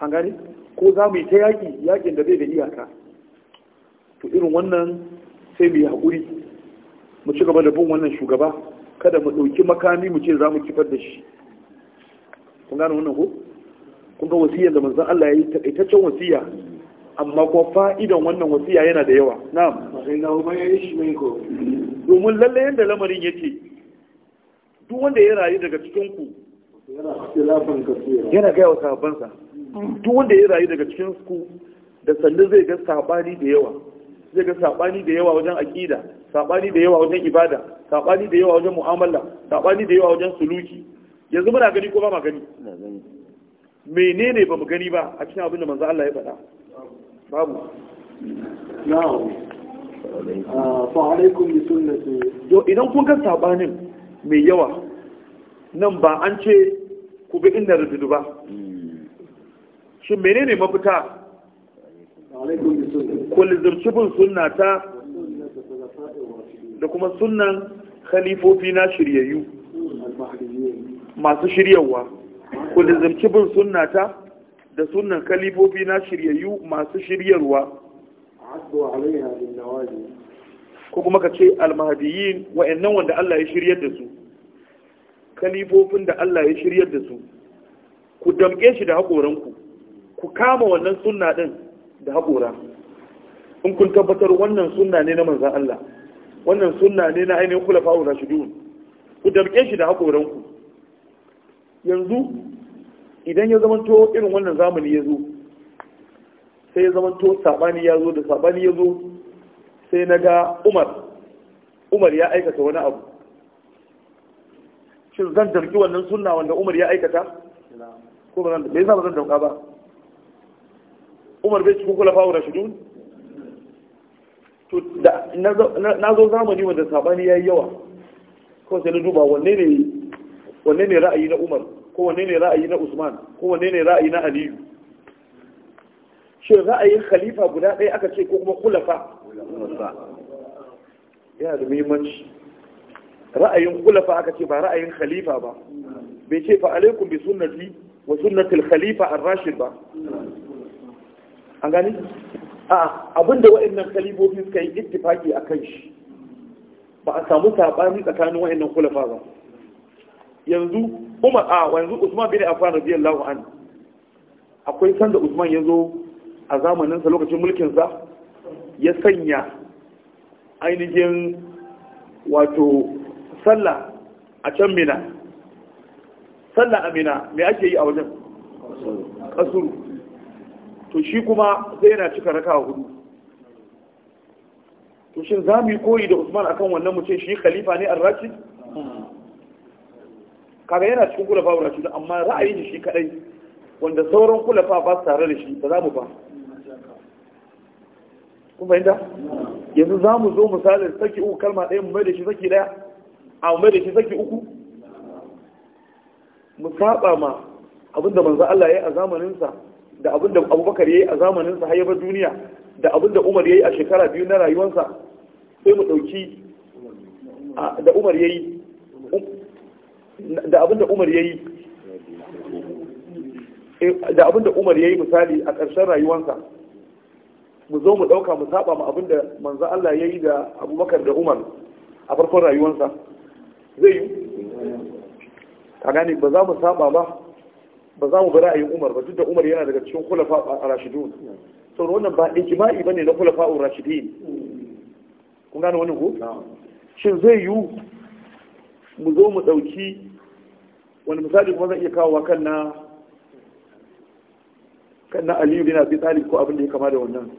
A: an gani ko za mu yi ta yaki, yakin da zai da iyaka to irin wannan sai mu yi haƙuri mu ci gaba da bin wannan shugaba kada mu ɗauki makami mu ce za mu kifar da shi kun gane wannan ko kun ga wasiyar da manzan Allah ya yi takaitaccen wasiya amma ko fa'idan wannan wasiya yana da yawa na'am domin lalle yanda lamarin yake duk wanda ya rayu daga cikin ku yana gaya wa sahabbansa duk wanda ya rayu daga cikin ku da sannu zai ga sabani da yawa zai ga sabani da yawa wajen aqida sabani da yawa wajen ibada sabani da yawa wajen mu'amala sabani da yawa wajen suluki yanzu muna gani ko ba ma gani menene ba mu gani ba a cikin abin da manzo Allah ya faɗa babu na'am ah, fa idan kun ga sabanin mai yawa nan ba an ce ku bi inda rubutu ba hmm. shi menene mafita ku lizarci sunna da kuma sunnan khalifofi na shiryayyu masu shiryawa ku lizimci bin ta da sunnan kalibobi na shiryayyu masu shiryarwa ko kuma ka ce almahadiyin wa'annan wanda Allah ya shiryar da su kalibobin da Allah ya shiryar da su ku damke shi da haƙoranku ku kama wannan sunna ɗin da haƙora in kun tabbatar wannan sunna ne na manzan Allah wannan sunna ne na ainihin kula fa'ura shidun ku damke shi da haƙoranku yanzu idan ya zamanto irin wannan zamani ya zo sai ya zamanto sabani ya zo da sabani ya zo sai na ga umar umar ya aikata wani abu shin zan jarki wannan suna wanda umar ya aikata ko ba zan bai ba zan dauka ba umar bai cikin kula fawo rashidu na zo zamani wanda sabani yi yawa Kawai sai na duba wanne ne ra'ayi na umar Ko wane ne ra'ayi na usman Ko wane ne ra'ayi na aliyu Shin ra'ayin khalifa guda ɗaya aka ce ko kuma kulafa yana da muhimmanci ra'ayin kulafa aka ce ba ra'ayin khalifa ba bai ce fa alaikum bi sunnati wa sunnatil khalifa ar-rashid ba an gani a abinda wa'annan khalifofi suka yi ittifaki akan shi ba a samu sabani tsakanin wa'annan kulafa ba yanzu umar a ah, wanzu usman bin affan radiyallahu an akwai sanda usman ya zo a zamaninsa lokacin mulkinsa ya sanya ainihin wato sallah a can mina sallah a mina mai ake yi a wajen kasuru to shi kuma zai yana cika raka hudu to shi za mu yi koyi da usman akan wannan mu shi khalifa ne al rashid kaga yana cikin kulafa wa rashidu amma ra'ayin shi kadai wanda sauran kulafa ba su tare da shi ba za mu ba kun fahimta yanzu za mu zo misalin saki uku kalma ɗaya mu mai da shi saki ɗaya a mu mai da shi saki uku mu saba ma abinda manzo Allah ya yi a zamaninsa da abinda Abubakar ya yi a zamaninsa har ya bar duniya da abinda Umar ya yi a shekara biyu na rayuwarsa sai mu ɗauki da Umar ya yi da abinda umar ya yi eh, da abinda umar ya yi misali a ƙarshen rayuwansa mu zo mu ɗauka mu saba mu abinda manzo Allah ya yi da abubakar da umar a farkon rayuwansa zai yi a gane ba za mu saba ba ba za mu a yi umar ba duk da umar yana daga cikin kulafa a rashidun saboda wannan ba ijma'i bane na kulafa a rashidin kun gane wannan ko shin zai yiwu mu zo mu ɗauki wani misali kuma zan iya kawo wa kanna kan na aliyu bin abi talib ko abin da ya kama da wannan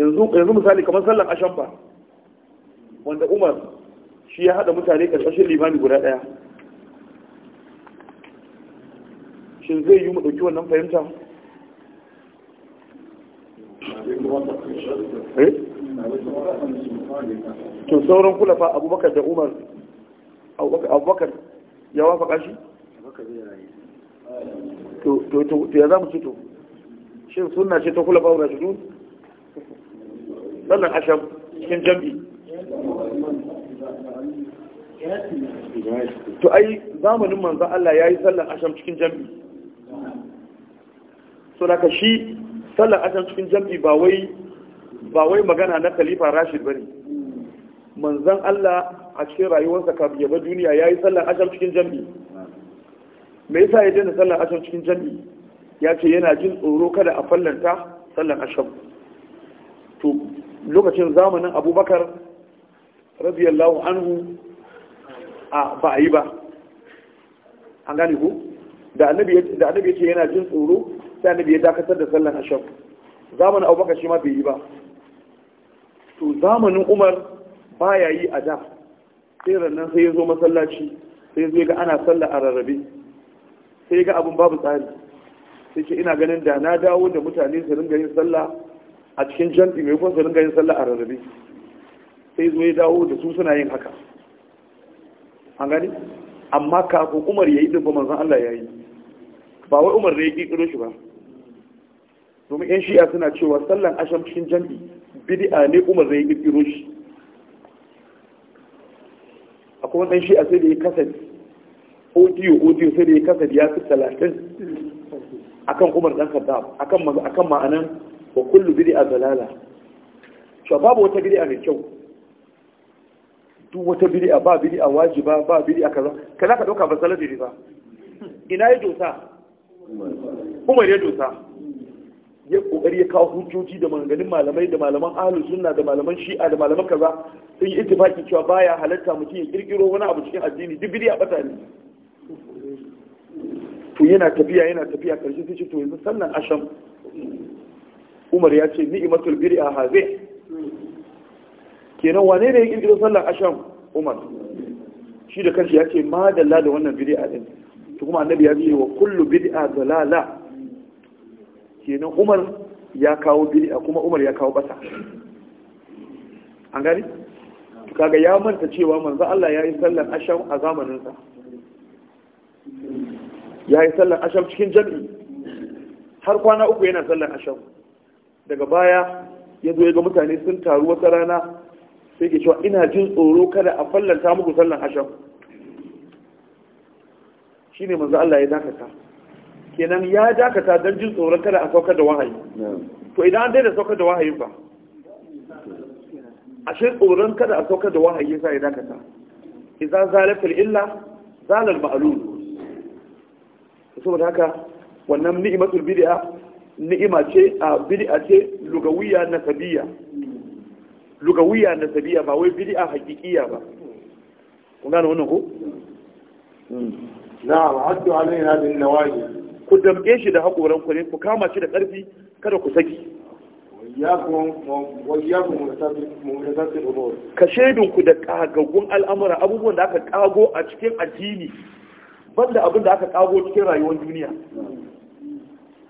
A: yanzu yanzu misali kamar sallan ashamba wanda umar shi ya haɗa mutane ƙarƙashin limani guda ɗaya shin zai yi mu ɗauki wannan fahimta
B: Eh?
A: to sauran fa abubakar da umar abubakar ya wafaka shi? to ya za mu cito shi suna ce ta kulafa wadda dun? sannan asham cikin jambi. to ai zamanin manzan Allah ya yi sallan asham cikin jambi, so da ka shi sallar ajan cikin jam'i ba wai ba wai magana na khalifa rashid bane manzon Allah a cikin rayuwarsa kafin ya bar duniya yayi sallar ajan cikin jam'i me yasa ya daina sallar ajan cikin jam'i ya ce yana jin tsoro kada a fallanta sallar ashan to lokacin zamanin abubakar radiyallahu anhu a ba a yi ba an gane ku da annabi ya ce yana jin tsoro sai annabi ya dakatar da sallan ashab zamanin abubakar shi ma bai yi ba to zamanin umar baya yi a da sai rannan sai ya zo masallaci sai ya ga ana sallah a rarrabe sai ga abin babu tsari sai ce ina ganin da na dawo da mutane su ringa yin sallah a cikin jam'i mai kwan su ringa yin sallah a rarrabe sai zo ya dawo da su suna yin haka an gani amma kafin umar ya yi dubba manzan allah ya yi ba wai umar da ya ƙirƙiro shi ba domin yan shi'a suna cewa sallan asham cikin jam'i bid'a ne umar zai kirkiro shi akwai dan shi'a sai da ya kasance audio audio sai da ya kasance ya fi talatin akan umar dan kaddam akan akan ma'anan wa kullu bid'a dalala to babu wata bid'a mai kyau duk wata bid'a ba bid'a wajiba ba bid'a kaza kaza ka dauka ba salafi ne ba ina ya dosa umar ya dosa ya kokari ya kawo hujjoji da maganganun malamai da malaman ahlus sunna da malaman shi'a da malaman kaza sun yi ittifaki cewa baya halatta mutum ya kirkiro wani abu cikin addini duk bidiya bata ne to yana tafiya yana tafiya karshe sai ce to yanzu sannan asham Umar ya ce ni'matul bir'a hazi kenan wane ne ya kirkiro sallan asham Umar shi da kanshi ya ce dalla da wannan bid'a din to kuma annabi ya ce wa kullu bid'a dalala kenan umar ya kawo bid'a kuma umar ya kawo bata an gani kaga ya manta cewa manzo Allah ya yi sallar asham a zamanin ya yi sallar asham cikin jami'i har kwana uku yana sallar asham daga baya ya zo ga mutane sun taru wata rana sai ke cewa ina jin tsoro kada a fallanta muku sallar asham shine manzo Allah ya dakata kenan ya dakata don jin tsoron kada a saukar da wahayi to idan an daina saukar da wahayi ba shi tsoron kada a saukar da wahayi sa ya dakata idan zalatul illa zalal ma'lum saboda haka wannan ni'imatul bid'a ni'ima ce a bid'a ce lugawiya na sabiya lugawiya na sabiya ba wai bid'a hakikiya ba kun gane wannan ko hmm. na'am haddu alaina bin nawaji ku damke shi da haƙoran ku ne ku kama shi da ƙarfi kada ku saki ka ku da ƙagaggun al'amura abubuwan da aka ƙago a cikin addini banda abin da aka ƙago cikin rayuwar duniya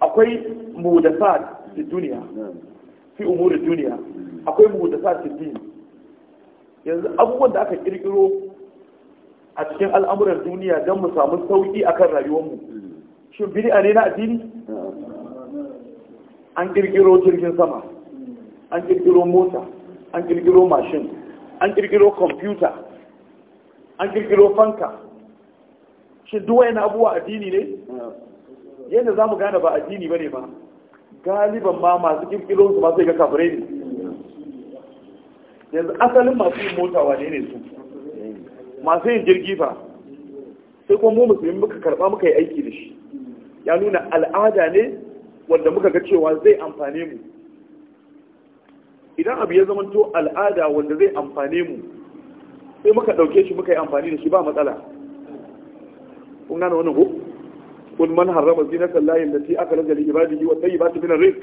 A: akwai mudafat da duniya fi umuri duniya akwai mudafat da din yanzu abubuwan da aka ƙirƙiro a cikin al'amuran duniya don mu samu sauƙi akan rayuwarmu Shin bid'a ne na addini an kirkiro jirgin sama an kirkiro mota an kirkiro mashin an kirkiro kwamfuta an kirkiro fanka shi duwa yana abuwa addini ne yadda za mu gane ba addini ba ne ba galiban ma masu kirkiro su masu ga kafirai ne yanzu asalin masu yin mota wane ne su masu yin jirgi ba sai kuma mu musulmi muka karba muka yi aiki da shi ya nuna al'ada ne wanda muka ga cewa zai amfane mu idan abu ya zamanto al'ada wanda zai amfane mu sai muka ɗauke shi muka yi amfani da shi ba matsala kun gane wannan ko kun man harrama zinatan lahi allati akala li ibadihi wa tayyibati min ar-rizq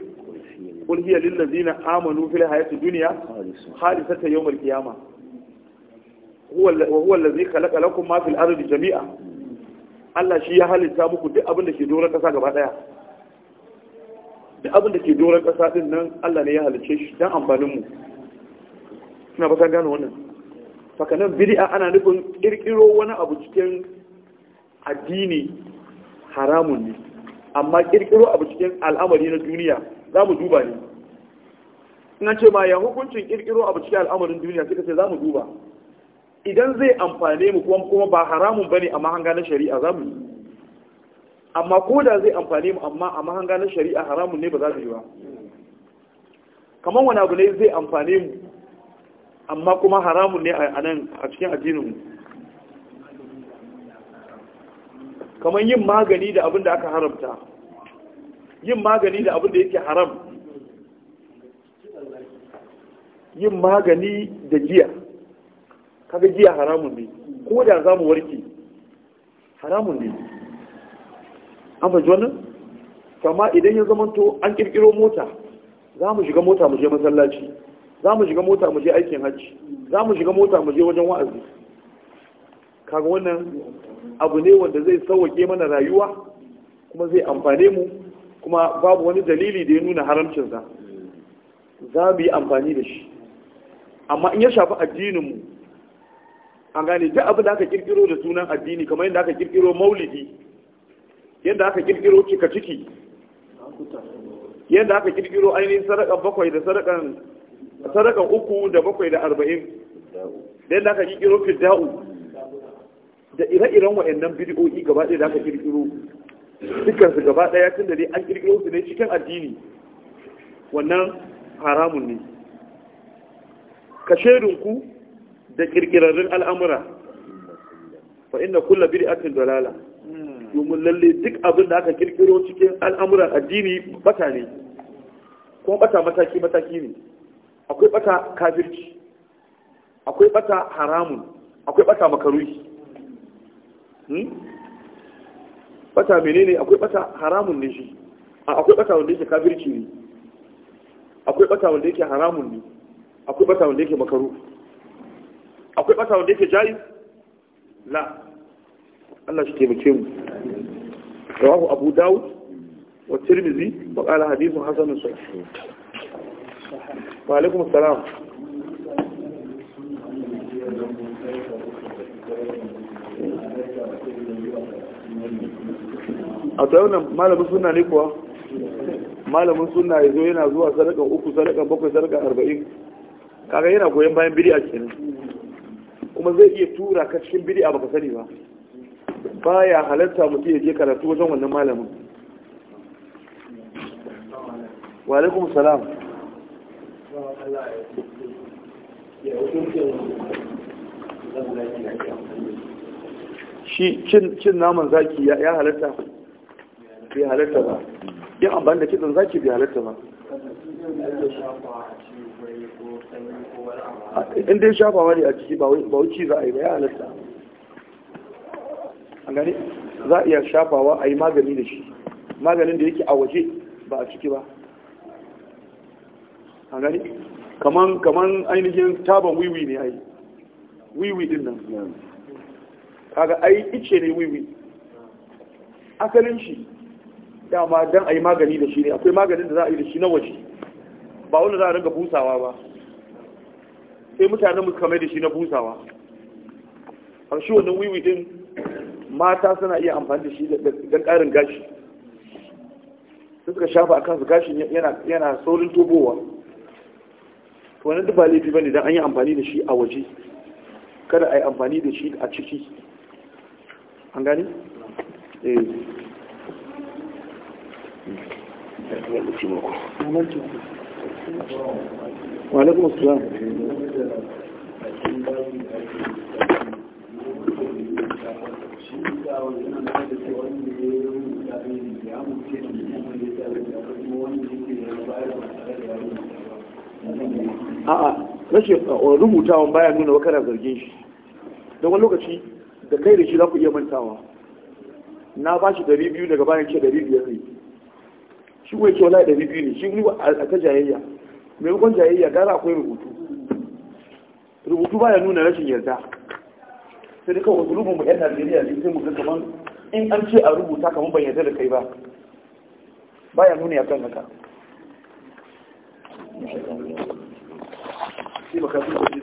A: qul hiya lil ladina amanu fil hayati dunya khalisatan yawm al-qiyamah huwa wa huwa allazi khalaqa lakum ma fil ardi jami'a Allah shi ya halitta muku duk abin da ke doron ƙasa gaba ɗaya duk abin da ke doron ƙasa ɗin nan Allah ne ya halicce shi don amfaninmu suna fasa gano wannan fakanan bid'a ana nufin ƙirƙiro wani abu cikin addini haramun ne amma ƙirƙiro abu cikin al'amari na duniya za mu duba ne ina ce ma ya hukuncin ƙirƙiro abu cikin al'amarin duniya suka ce za mu duba idan zai amfane mu kuma ba haramun bane a mahanga na shari'a za mu amma ko da zai amfane mu amma a mahanga na shari'a haramun ne ba za su yi ba kamar wani abu ne zai amfane mu amma kuma haramun ne a nan a cikin addinin mu. kamar yin magani da abin da aka haramta yin magani da abin da yake haram yin magani da giya kaga giya haramun ne ko da za mu warke haramun ne an fahimci wannan kama idan ya to an kirkiro mota za mu shiga mota mu je masallaci za mu shiga mota mu je aikin hajji za mu shiga mota mu je wajen wa'azi kaga wannan abu ne wanda zai sauke mana rayuwa kuma zai amfane mu kuma babu wani dalili da ya nuna haramcinsa za mu yi amfani da shi amma in ya shafi addininmu an gane duk abin da aka kirkiro da sunan addini kamar yadda aka kirkiro maulidi yadda aka kirkiro cika ciki yadda aka kirkiro ainihin sarakan bakwai da sarakan sarakan uku da bakwai da arba'in yadda aka kirkiro fidda'u da ire-iren wa'annan bidiyoyi gaba ɗaya da aka kirkiro dukansu gaba ɗaya tun da dai an kirkiro su ne cikin addini wannan haramun ne ka shaidunku da kirkirarrun al'amura fa inna kulla bid'atin dalala domin lalle duk abin da aka kirkiro cikin al'amura addini bata ne kuma bata mataki mataki ne akwai bata kafirci akwai bata haramun akwai bata makaruhi hmm? bata menene akwai bata haramun ne shi akwai bata wanda yake kafirci ne akwai bata wanda yake haramun ne akwai bata wanda yake makaruhi akwai bata wanda yake jayi la Allah shi taimake mu rawahu abu dawud wa tirmidhi wa qala hadithun hasanun sahih wa alaikum assalam a nan, malamin suna ne kuwa malamin suna ya zo yana zuwa sadakan uku sadakan bakwai sadakan arba'in kaga yana goyon bayan biri a kenan kuma zai iya tura ka cikin a baka sani ba Ba ya halatta mutum ya je karatu wajen wannan malamin wa alaikum salam shi cin naman zaki ya halatta bai halatta ba yin amfani da kitsan zaki bai halatta ba Inda ya shafawa ne a ciki ba wuce za a yi ba alasta a gani za a iya shafawa a yi magani da shi maganin da yake a waje ba a ciki ba a gani kaman ainihin taban wiwi ne a yi, wiwi din nan kaga yi ice ne wiwi asalin shi dama dan yi magani da shi ne akwai maganin da za a yi da shi na waje ba wanda za a ringa busawa ba sai mutanen mu kamar da shi na busawa har shi wannan wiwi din mata suna iya amfani da shi don ƙarin gashi suka shafa a kansu gashi yana saurin tobowa to wannan duk ba laifi bane an yi amfani da shi a waje kada a yi amfani da shi a ciki an gani? eh
B: Thank you. wa alaikum assalam
A: a'a rashin rubutawan baya nuna wa kana zargin shi don wani lokaci da kai da shi za ku iya mantawa na ba shi dari biyu daga bayan ce dari biyar ne shi kuma ce wala dari biyu ne shi kuma a ta jayayya maimakon jayayya gara akwai rubutu rubutu ba ya nuna rashin yarda sai duka wasu rubun mu yan najeriya ne sai mu ga kamar in an ce a rubuta kamar ban yarda da kai ba ba ya nuna ya kan
B: haka